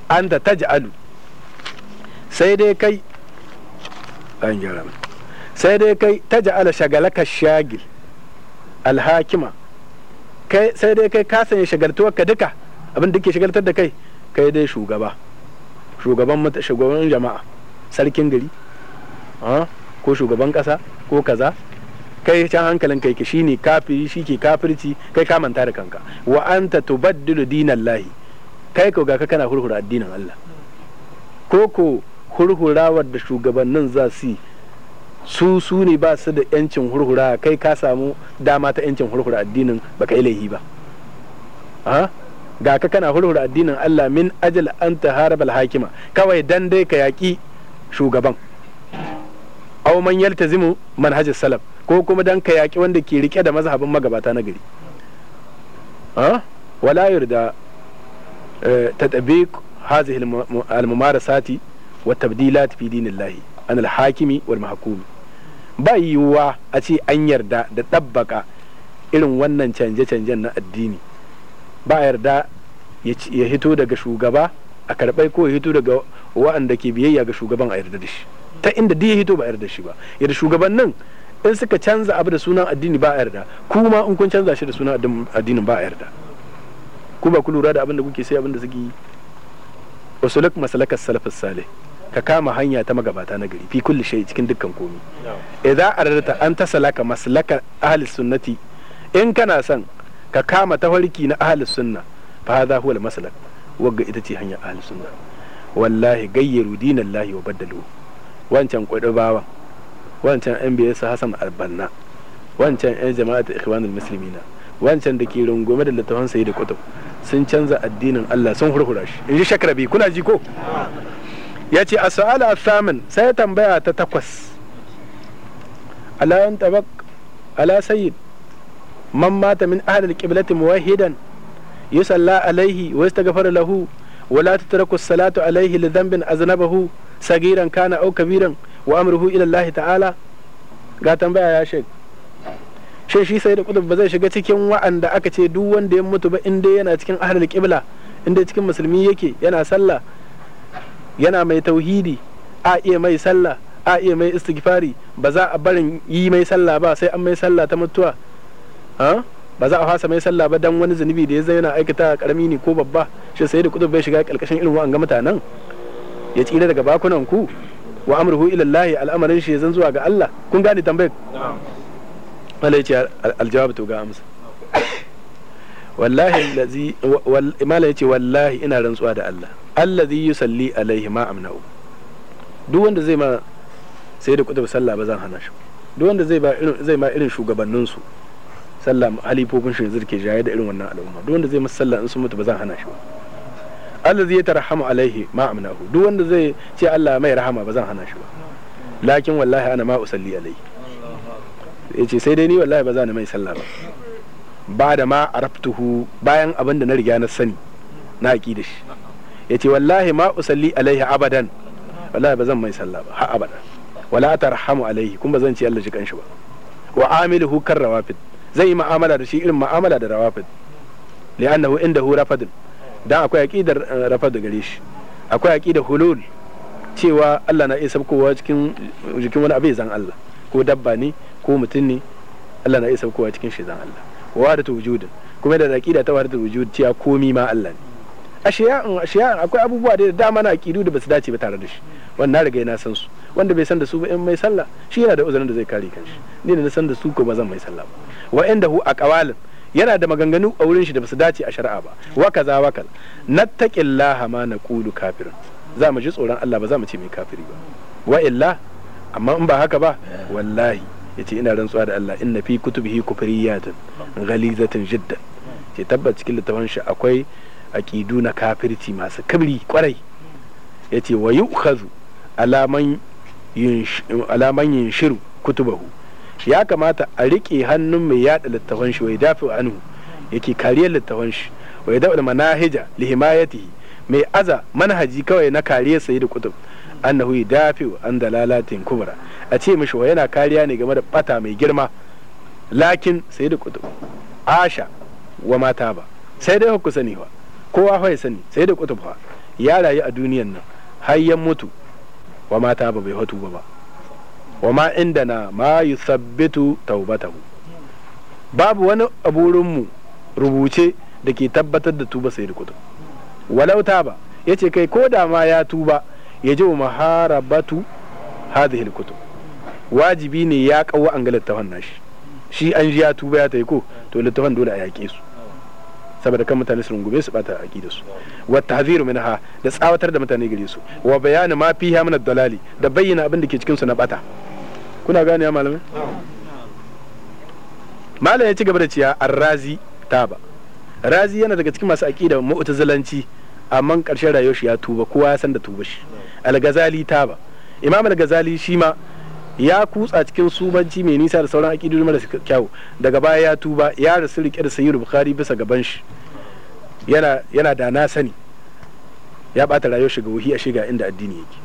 anta taj'alu sai dai kai an gyara mai sai dai kai ta ja'ala shagalaka shagil alhakima kai sai dai kai ka sanya shagaltuwar ka duka abin da ke shagaltar da kai kai dai shugaba shugaban shugaban jama'a sarkin gari ko shugaban kasa ko kaza kai can hankalin kai shi ne kafiri shi ke kafirci kai ka manta da kanka wa anta tubaddilu dinallahi kai ko ga ka kana hurhura addinin Allah ko ko hurhurawar da shugabannin za su yi su su ne ba su da yancin hurhura kai ka samu dama ta yancin hurhura addinin baka yi laihi ba ga ka kana hurhura addinin Allah min ajal an harabal hakima kawai dan dai ka yaƙi shugaban au man yaltazimu manhaj salaf ko kuma dan ka yaƙi wanda ke rike da mazhabin magabata na gari wala yurda eh, tatabiq hadhihi al-mumarasati wa tabdilat fi dinillahi an alhakimi hakimi wal mahkumi ba yiwuwa a ce an yarda da ɗabbaka irin wannan canje-canjen na addini ba a yarda ya hito daga shugaba a karɓai ko ya hito daga wa'anda ke biyayya ga shugaban a yarda da shi ta inda duk ya hito ba a yarda shi ba yadda shugabannin in suka canza abu da sunan addini ba a yarda kuma in kun canza shi da sunan addinin ba a yarda ku ba ku lura da abin da kuke sai abin da suke yi usuluk masalakas salafus salih ka kama hanya ta magabata na gari fi kulli shay cikin dukkan komi idza aradta an tasalaka maslaka ahli sunnati in kana son ka kama tafarki na ahli sunna fa hadha huwa al maslak wagga ita ce hanya ahli sunna wallahi gayyaru dinallahi wa baddalu wancan bawan wancan MBS Hassan Albanna wancan yan jama'at ikhwanul muslimina wancan da ke rungume da littafan sayi da kutub sun canza addinin Allah sun hurhura shi in ji shakrabi kuna ji ko ya ce a a samun sai tambaya ta takwas alayan tabak ala sayyid man mata min ahlil muwahidan yi salla alaihi wa yastaghfiru lahu wa la tutraku salatu alaihi li dhanbin aznabahu sagiran kana au kabiran wa amruhu ila Allah ta'ala ga tambaya ya shek shin shi sai da kudu ba zai shiga cikin wa'anda aka ce duk wanda ya mutu ba inda yana cikin ahlul kibla inda cikin musulmi yake yana sallah yana mai tauhidi a iya mai sallah a iya mai istighfari ba za a barin yi mai sallah ba sai an mai sallah ta mutuwa ba za a fasa mai sallah ba dan wani zunubi da ya zai yana aikata karami ne ko babba shi sai da kudu bai shiga kalkashin irin wa'an ga mutanen ya tsira daga bakunan ku wa amruhu ilallahi al'amarin shi zan zuwa ga Allah kun gane tambayar malai ce aljawab to ga amsa wallahi malazi malai ce wallahi ina rantsuwa da Allah alladhi yusalli alaihi ma amna'u duk wanda zai ma sai da kutubu sallah ba zan hana shi duk wanda zai ba irin zai ma irin shugabannin su sallah halifofin shi yanzu ke jaye da irin wannan al'umma duk wanda zai ma sallah in sun mutu ba zan hana shi ba allazi ya tarhamu alaihi ma amnahu duk wanda zai ce Allah mai rahama ba zan hana shi ba lakin wallahi ana ma usalli alaihi yace sai dai ni wallahi ba zan mai sallah ba ba da ma arabtuhu bayan abin da na riga na sani na aqida shi yace wallahi ma usalli alaihi abadan wallahi ba zan mai sallah ba har abada wala tarhamu alaihi kuma ba zan ci Allah shi ba wa amilu hukar rawafid zai yi mu'amala da shi irin mu'amala da rawafid li'annahu indahu rafadun dan akwai aqidar eh, rafad gare shi akwai aqidar hulul cewa Allah na iya sabkowa cikin jikin wani abu zan Allah ko dabba ne ko mutum ne Allah na iya sabkowa cikin shi zan Allah wa da wujudin kuma da aqida ta wa da wujud cewa komi ma Allah ne ashiya'in akwai abubuwa da dama na kidu da basu dace ba tare da shi wannan riga na san su wanda bai san da su ba in mai sallah shi yana da uzurin da zai kare kanshi ni da na san da su ko ba zan mai sallah ba wa inda hu aqwalin yana da maganganu a wurin shi da basu dace a shari'a ba wa kaza wa kal nattaqillaha ma naqulu kafirun za mu ji tsoron Allah ba za mu ce mai kafiri ba wa illa amma in ba haka ba wallahi yace ina rantsuwa da Allah inna fi kutubihi kufriyatan ghalizatan jiddan ce tabbata cikin littafin shi akwai aƙidu na kafirci masu kabri kwarai ya ce wa yu'khazu alaman yin shiru kutubahu ya kamata a riƙe hannun mai yaɗa littafan shi wai dafi ya yake kariyar littafan shi wai da manahija lihimayati mai aza manhaji kawai na kariyar sayi da kutub annahu dafi an dalalatin kubra a ce mishi wa yana kariya ne game da bata mai girma lakin sayi da kutub asha wa mata ba sai dai ku sani wa. kowa fa ya sani sai da kutub fa ya rayu a duniyan nan har ya mutu wa mata ba bai hatu ba wa ma inda na ma yusabbitu taubatahu babu wani aburinmu rubuce da ke tabbatar da tuba sai da kutub walau ba ya ce kai ko da ma ya tuba ya ji wa maharabatu hadhihi kutub wajibi ne ya kawo an ga littafan nashi shi an ji ya tuba ya ko to littafan dole a yaƙe su saboda kan mutane su rungume su bata aqida su wa tahziru minha da tsawatar da mutane gare su wa bayanu ma fiha min ad-dalali da bayyana abin da ke cikin su na bata kuna gane ya malamai malam ya ci gaba da ciya ar-razi taba razi yana daga cikin masu aqida mu'tazilanci amma karshen rayuwar shi ya tuba kowa ya san da tuba shi al-ghazali taba imam al-ghazali shi ma ya kutsa cikin subanci mai nisa da sauran aƙidu mara kyau daga baya ya tuba ya rasu rike da sayyid bukhari bisa gaban shi yana da na sani ya bata rayuwar shiga wuhi a shiga inda addini yake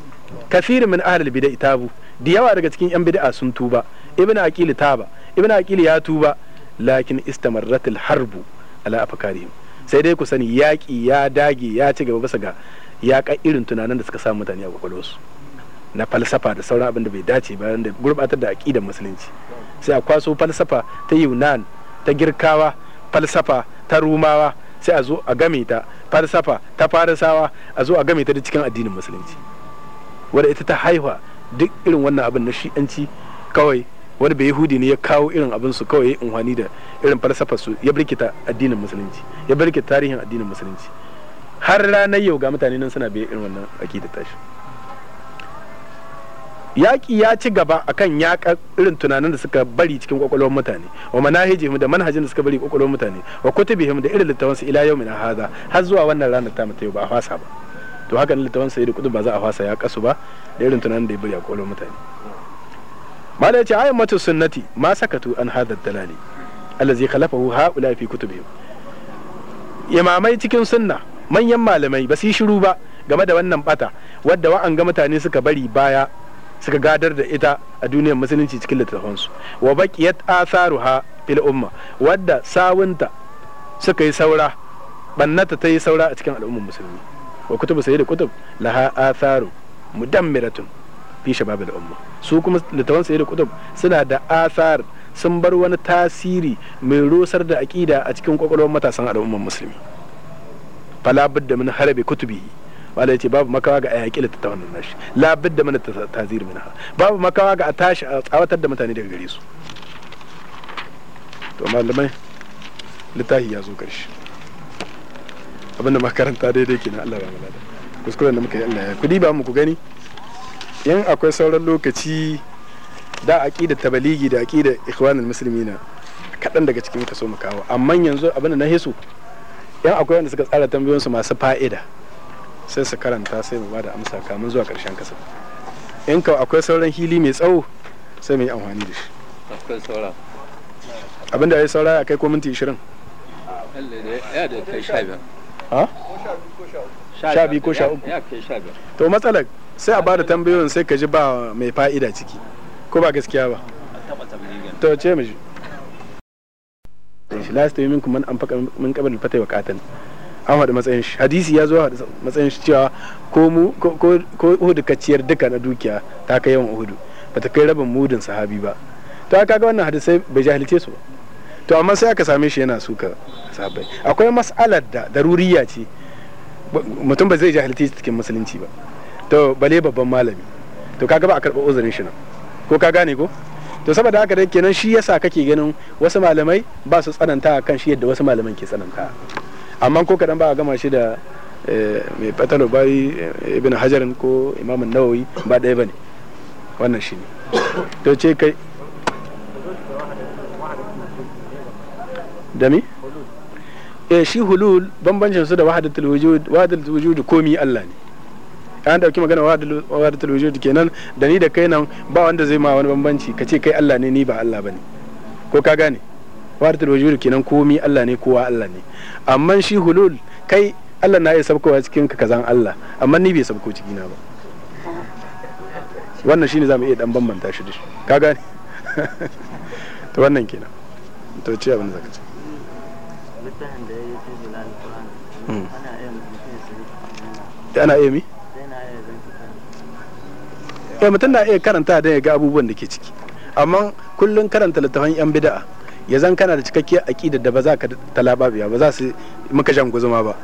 kafirin min ahlul bid'a tabu da yawa daga cikin yan bid'a sun tuba ibnu aqil taba ibnu aqil ya tuba lakin istamarrat harbu ala afkarihim sai dai ku sani yaƙi ya dage ya ci gaba bisa ga yaƙa irin tunanin da suka sa mutane a kwakwalwarsu na falsafa da sauran abin da bai dace ba da gurbatar da aƙidan musulunci sai a kwaso falsafa ta yunan ta girkawa falsafa ta rumawa sai a zo a game ta falsafa ta farisawa a zo a game ta da cikin addinin musulunci wadda ita ta haihuwa duk irin wannan abin na shi'anci kawai wani bai yahudi ne ya kawo irin abin su kawai ya unhwani da irin falsafar su ya birkita addinin musulunci ya birkita tarihin addinin musulunci har ranar yau ga mutane nan suna biya irin wannan akidar tashi yaƙi ya ci gaba akan yaƙa irin tunanin da suka bari cikin kwakwalwar mutane wa manahijihim da manhajin da suka bari kwakwalwar mutane wa kutubihim da irin littafan su ila mina haza har zuwa wannan ranar ta mata yau ba a fasa ba to haka littafan sai da kudu ba za a fasa ya kasu ba da irin tunanin da ya bari a kwakwalwar mutane mala ya ce ayan sunnati ma sakatu an hadha dalali allazi khalafahu haula fi kutubihim imamai cikin sunna manyan malamai ba su yi shiru ba game da wannan bata wadda wa'an ga mutane suka bari baya suka gadar da ita a duniyar musulunci cikin littattafansu wa baqiyat atharuha fil umma wadda sawunta suka yi saura bannata ta yi saura a cikin al'ummar musulmi wa kutubu sayyid kutub laha atharu mudammiratun fi shababil umma su kuma littafan sayyid kutub suna da athar sun bar wani tasiri mai rusar da aqida a cikin kwakwalwar matasan al'ummar musulmi fala budda min harabi kutubihi malai ce babu makawa ga ayaki littattafan nan nashi labid da mana tazir minha babu makawa ga a tashi a tsawatar da mutane daga gare su to malamai littafi ya zo karshe abinda makaranta daidai kenan Allah ba malada kuskuren da muka yi Allah ya kudi ba mu ku gani in akwai sauran lokaci da aqida tabaligi da aqida ikhwanul muslimina kaɗan daga cikin ka so mu kawo amma yanzu abinda na hisu yan akwai wanda suka tsara tambayoyinsu masu fa'ida sai su karanta sai mu bada amsa kamun zuwa karshen kasa in ka akwai sauran hili mai tsawo sai mu yi amfani da shi akwai saura abin da ya saura ya kai ko minti 20 ya da kai sha biyar ha sha biyu ko sha uku ya kai to matsalar sai a bada tambayoyin sai ka ji ba mai fa'ida ciki ko ba gaskiya ba to ce mu ji la min minkum man faka min qabl al yi wa katan an haɗu matsayin shi hadisi ya zo haɗu matsayin shi cewa ko mu ko uhudu ka ciyar duka na dukiya ta kai yawan uhudu ba ta kai rabin mudun sahabi ba to aka ga wannan hadisai bai jahilce su ba to amma sai aka same shi yana suka sahabbai akwai mas'alar da daruriya ce mutum ba zai jahilce cikin musulunci ba to bale babban malami to kaga ba a karɓa uzurin shi nan ko ka gane ko to saboda haka dai kenan shi yasa kake ganin wasu malamai ba su tsananta kan shi yadda wasu malaman ke tsananta amma ko kadan ba a gama shi da eh, mai fatar bari eh, ibn hajarin ko imamun nawawi ba ɗaya ba ne wannan shi ne to ce kai dami e eh, shi hulul bambancin su da wahadatul wujud wahadatul wujud komi Allah ne an dauki magana wahadatul wujud kenan da ni da kai nan ba wanda zai ma wani bambanci ka ce kai Allah ne ni ba Allah bane ko ka gane wadatul wujud kenan komi Allah ne kowa Allah ne amma shi hulul kai Allah na iya sabkowa cikin ka kazan Allah amma ni bai sabko cikina na ba wannan shine zamu iya dan bambanta shi da ka gane to wannan kenan to ci abin da zaka ci hmm. ana iya mi? Eh, mutum na iya karanta da ya ga abubuwan da ke ciki amma kullum karanta littafan yan bida'a ya zan kana da cikakkiyar aƙida da ba za ka talaba biya ba za su maka jan guzuma ba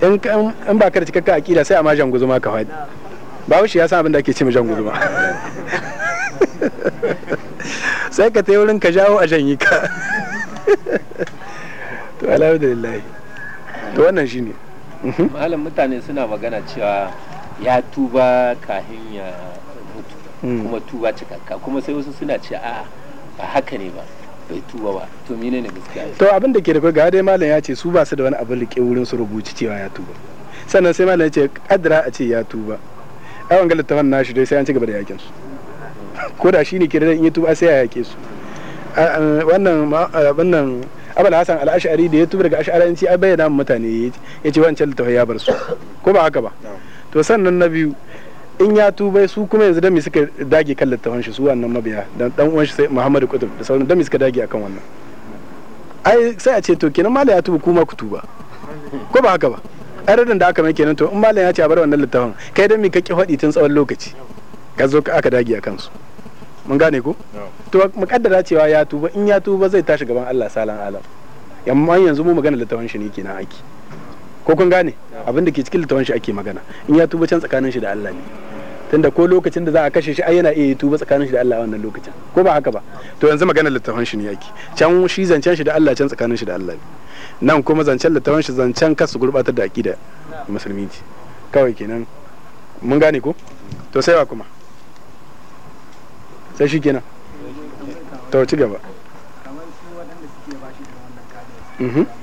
in ba ka da cikakkiyar aƙida sai a ma jan guzuma ka faɗi ba shi ya san abin da ake ce jan guzuma sai ka tai wurin ka jawo a janyi ka to alhamdulillah to wannan shine mhm. malam mutane suna magana cewa ya tuba kahin ya mutu mm. kuma tuba cikakka kuma sai wasu suna ce a ba haka ne ba bai tuba ba to mine ne gaskiya to abin da ke da kai ga dai malam ya ce su ba su da wani abin rike wurin su rubuci cewa ya tuba sannan sai malam ya ce kadara a ce ya tuba ai wanga littafin nashi dai sai an ci gaba da yakin su ko da shine ke da in ya tuba sai ya yake su wannan wannan abul hasan al-ash'ari da ya tuba daga ash'aranci ai bayyana mutane ya ce wancan littafin ya bar su ko ba haka ba to sannan na biyu in ya tuba su kuma yanzu dami suka dage kan littafin shi su wannan mabiya dan dan uwan shi sai Muhammadu Qutb da sauran dami suka dage akan wannan ai sai a ce to kenan malam ya tuba kuma ku tuba ko ba haka ba ai radan da aka mai kenan to in malam ya ce a bar wannan littafin kai dami ka ki faɗi tun tsawon lokaci ka zo ka aka dage akan su mun gane ko to mukaddara cewa ya tuba in ya tuba zai tashi gaban Allah salan alam amma yanzu mu magana littafin shi ne kenan aiki ko kun gane abin da ke cikin littafin shi ake magana in ya tuba can tsakanin shi da Allah ne tunda ko lokacin da za a kashe shi ai yana iya tuba tsakanin shi da Allah a wannan lokacin ko ba haka ba to yanzu magana littafin shi ne yake can shi zancen shi da Allah can tsakanin shi da Allah ne nan kuma zancen littafin shi zancen kasu gurbatar da aqida musulmi ne kawai kenan mun gane ko to sai wa kuma sai shi kenan to ci gaba kamar su waɗanda suke shi da wannan kariya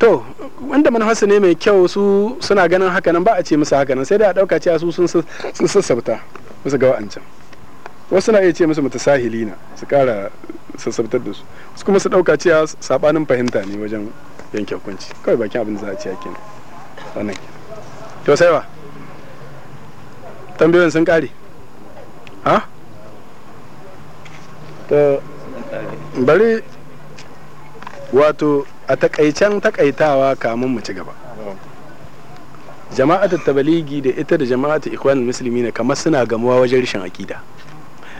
to wanda manufarsu ne mai kyau su suna ganin nan ba a ce musu nan sai da a ɗauka cewa su sun sassabta musu ga wa'ancan wasu na iya ce musu mutasahili na su ƙara sassabtar da su su kuma su ɗauka cewa sabanin fahimta ne wajen yanke hukunci kawai bakin abin da za a ce yakin wannan to sai wa tambayoyin sun ƙare ha to bari wato a takaicen takaitawa kamun mu ci gaba jama'atu tabaligi da ita da jama'atu ikwanul musulmi ne kamar suna gamuwa wajen rashin akida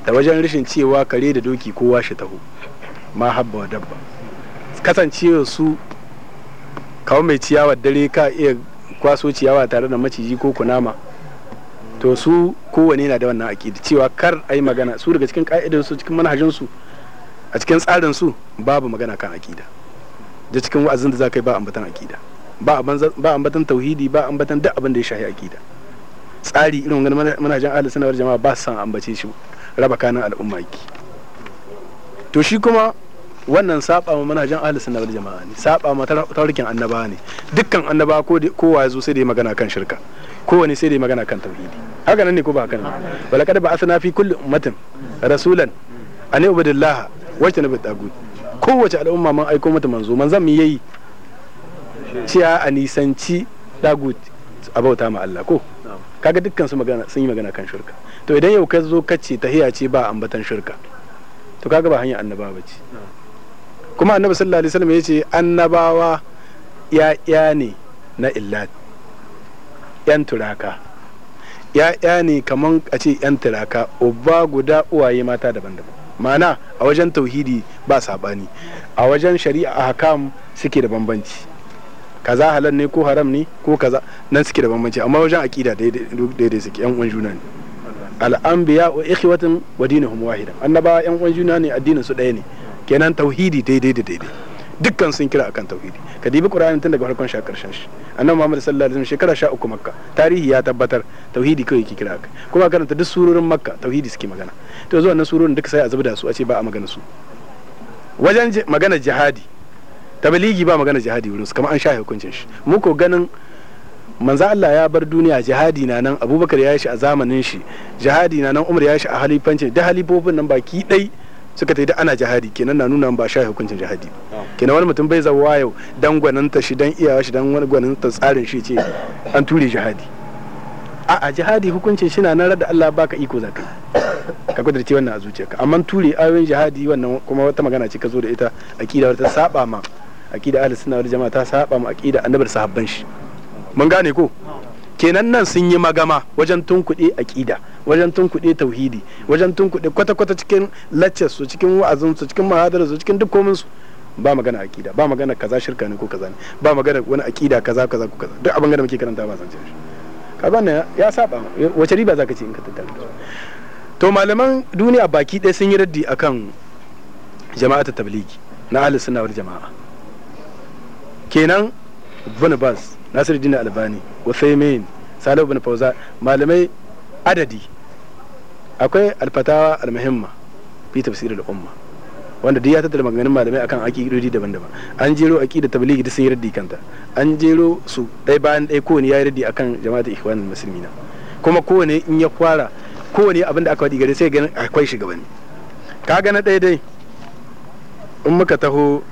da wajen rashin cewa kare da doki kowa shi taho ma habba wa dabba kasancewa su kawo mai ciyawa dare ka iya kwaso ciyawa tare da maciji ko kunama to su kowane na da wannan akida cewa kar a yi magana su daga cikin ka'idar su cikin manhajin su a cikin tsarin su babu magana kan akida da cikin wa'azin da za ka yi ba ambatan akida ba ambatan tauhidi ba ambatan duk abin da ya shahi akida tsari irin wani manajan ahli sunna jama'a ba su san ambace shi raba kanin al'umma ki to shi kuma wannan saba ma manajan ahli sunna jama'a ne saba ma taurikin annaba ne dukkan annaba ko wa zo sai da magana kan shirka kowane sai da magana kan tauhidi haka nan ne ko ba haka nan balakad ba asna fi kullum ummatin rasulan an yubdillaha wa tanabit tagu. kowace al'umma man aiko mata manzo manzan mu yayi cewa a nisanci dagut a bauta ma Allah ko kaga dukkan su magana sun yi magana kan shirka to idan yau ka zo ka ce tahiya ce ba ambatan shirka to kaga ba hanyar annaba ba ce kuma annabi sallallahu alaihi wasallam yace annabawa ya ya ne na illat yan turaka ya ya ne kaman a ce yan turaka uba guda uwaye mata daban-daban mana a wajen tauhidi ba saɓani a wajen shari'a a hakam suke da bambanci kaza halal ne ko haram ne ko kaza nan suke da bambanci amma wajen aƙida daidai suke yan uwan juna ne al'ambiya wa ikhwatin wa dinuhum wahida annabawa yan uwan juna ne addinin su ɗaya ne kenan tauhidi daidai da daidai dukkan sun kira akan tauhidi ka dibi qur'ani tun daga farkon shi karshen shi annabi muhammad sallallahu alaihi wasallam shekara 13 makka tarihi ya tabbatar tauhidi kai yake kira kai kuma karanta duk surorin makka tauhidi suke magana to zuwa wannan surorin duka sai a zubda su a ce ba a magana su wajen magana jihadi tabligi ba magana jihadi wurin su kamar an sha hukuncin shi mu ko ganin manzo Allah ya bar duniya jihadi na nan abubakar ya yi shi a zamanin shi jihadi na nan umar ya yi shi a halifancin da halifofin nan baki dai. suka ta ana jihadi kenan na nuna ba sha hukuncin jihadi oh. kenan wani mutum bai zawa yau dan gwaninta shi dan iyawa shi dan wani gwaninta tsarin shi ce an ture jihadi a a jihadi hukuncin shi na nan da Allah baka iko zaka ka kudurci wannan a zuciyarka amma ture ayoyin jihadi wannan kuma wata magana ce ka zo da ita aqida wata saba ma aqida ahlus sunna wal jama'a ta saba ma aqida annabar sahabban shi mun gane ko kenan nan sun yi magama wajen tunkuɗe aƙida wajen tunkuɗe tauhidi wajen tunkuɗe kwata-kwata cikin lectures su cikin wa'azin su cikin mahadar su cikin duk komin su ba magana aƙida ba magana kaza shirka ne ko kaza ne ba magana wani aƙida kaza kaza ko kaza duk abin da muke karanta ba zance shi kaga ne ya saba wace riba zaka ce in ka tattara to malaman duniya baki ɗaya sun yi raddi akan ta tabligi na ahlus sunna wal jama'a kenan Van Dina albani wasaimin salihu bin fauza malamai adadi akwai alfatawa almahimma fi tafsir al'umma umma wanda duk ya tattara maganganun malamai akan aƙidodi daban-daban an jero aƙida tabligi da sun yi raddi kanta an jero su ɗaya bayan dai kowane ya yi raddi akan jama'atul ikhwanul muslimina kuma kowane in ya kwara kowane abin da aka faɗi gare sai ganin akwai shugabanni ka gana ɗaya dai in muka taho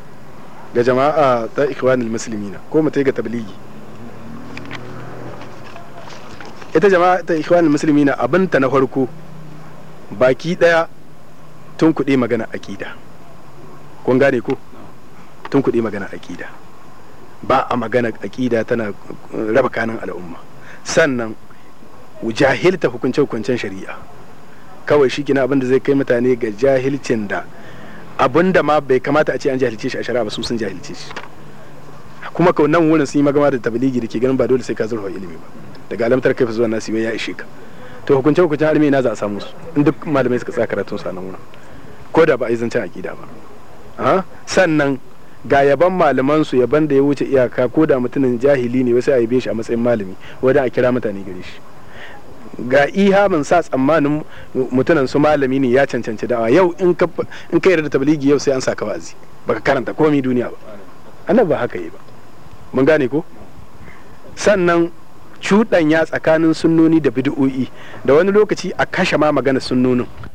ga jama'a ta ikhwanul muslimina ko mu ga tabligi ita jama'a ta musulmi na abinta na farko baki daya tun kuɗi magana aƙida kun gane ko tun kuɗi magana aƙida ba a magana aƙida tana raba kanin al'umma sannan jahilta hukunce hukuncen shari'a kawai shi kina abin da zai kai mutane ga jahilcin da abinda da ma bai kamata a ce an jahilce shi a shari'a ba su sun jahilce shi kuma nan wurin sun yi magana da tabligi da ke ganin ba dole sai ka zurfa ilimi ba daga alamtar kai zuwa nasi ya ishe ka to hukunce hukuncen armi na za a samu su in duk malamai suka tsaya karatun sa nan wurin ko da ba a yi zancen akida ba sannan ga yaban malaman su yaban da ya wuce iyaka ko da mutumin jahili ne wasu a yabe shi a matsayin malami wadda a kira mutane gare shi ga ihamin sa tsammanin mutunan su malami ne ya cancanci dawa yau in ka da tabligi yau sai an saka wa'azi baka karanta komi duniya ba annabi ba haka yi ba mun gane ko sannan cuɗanya tsakanin sunnoni da bid'o'i da wani lokaci a kashe ma magana sunnonin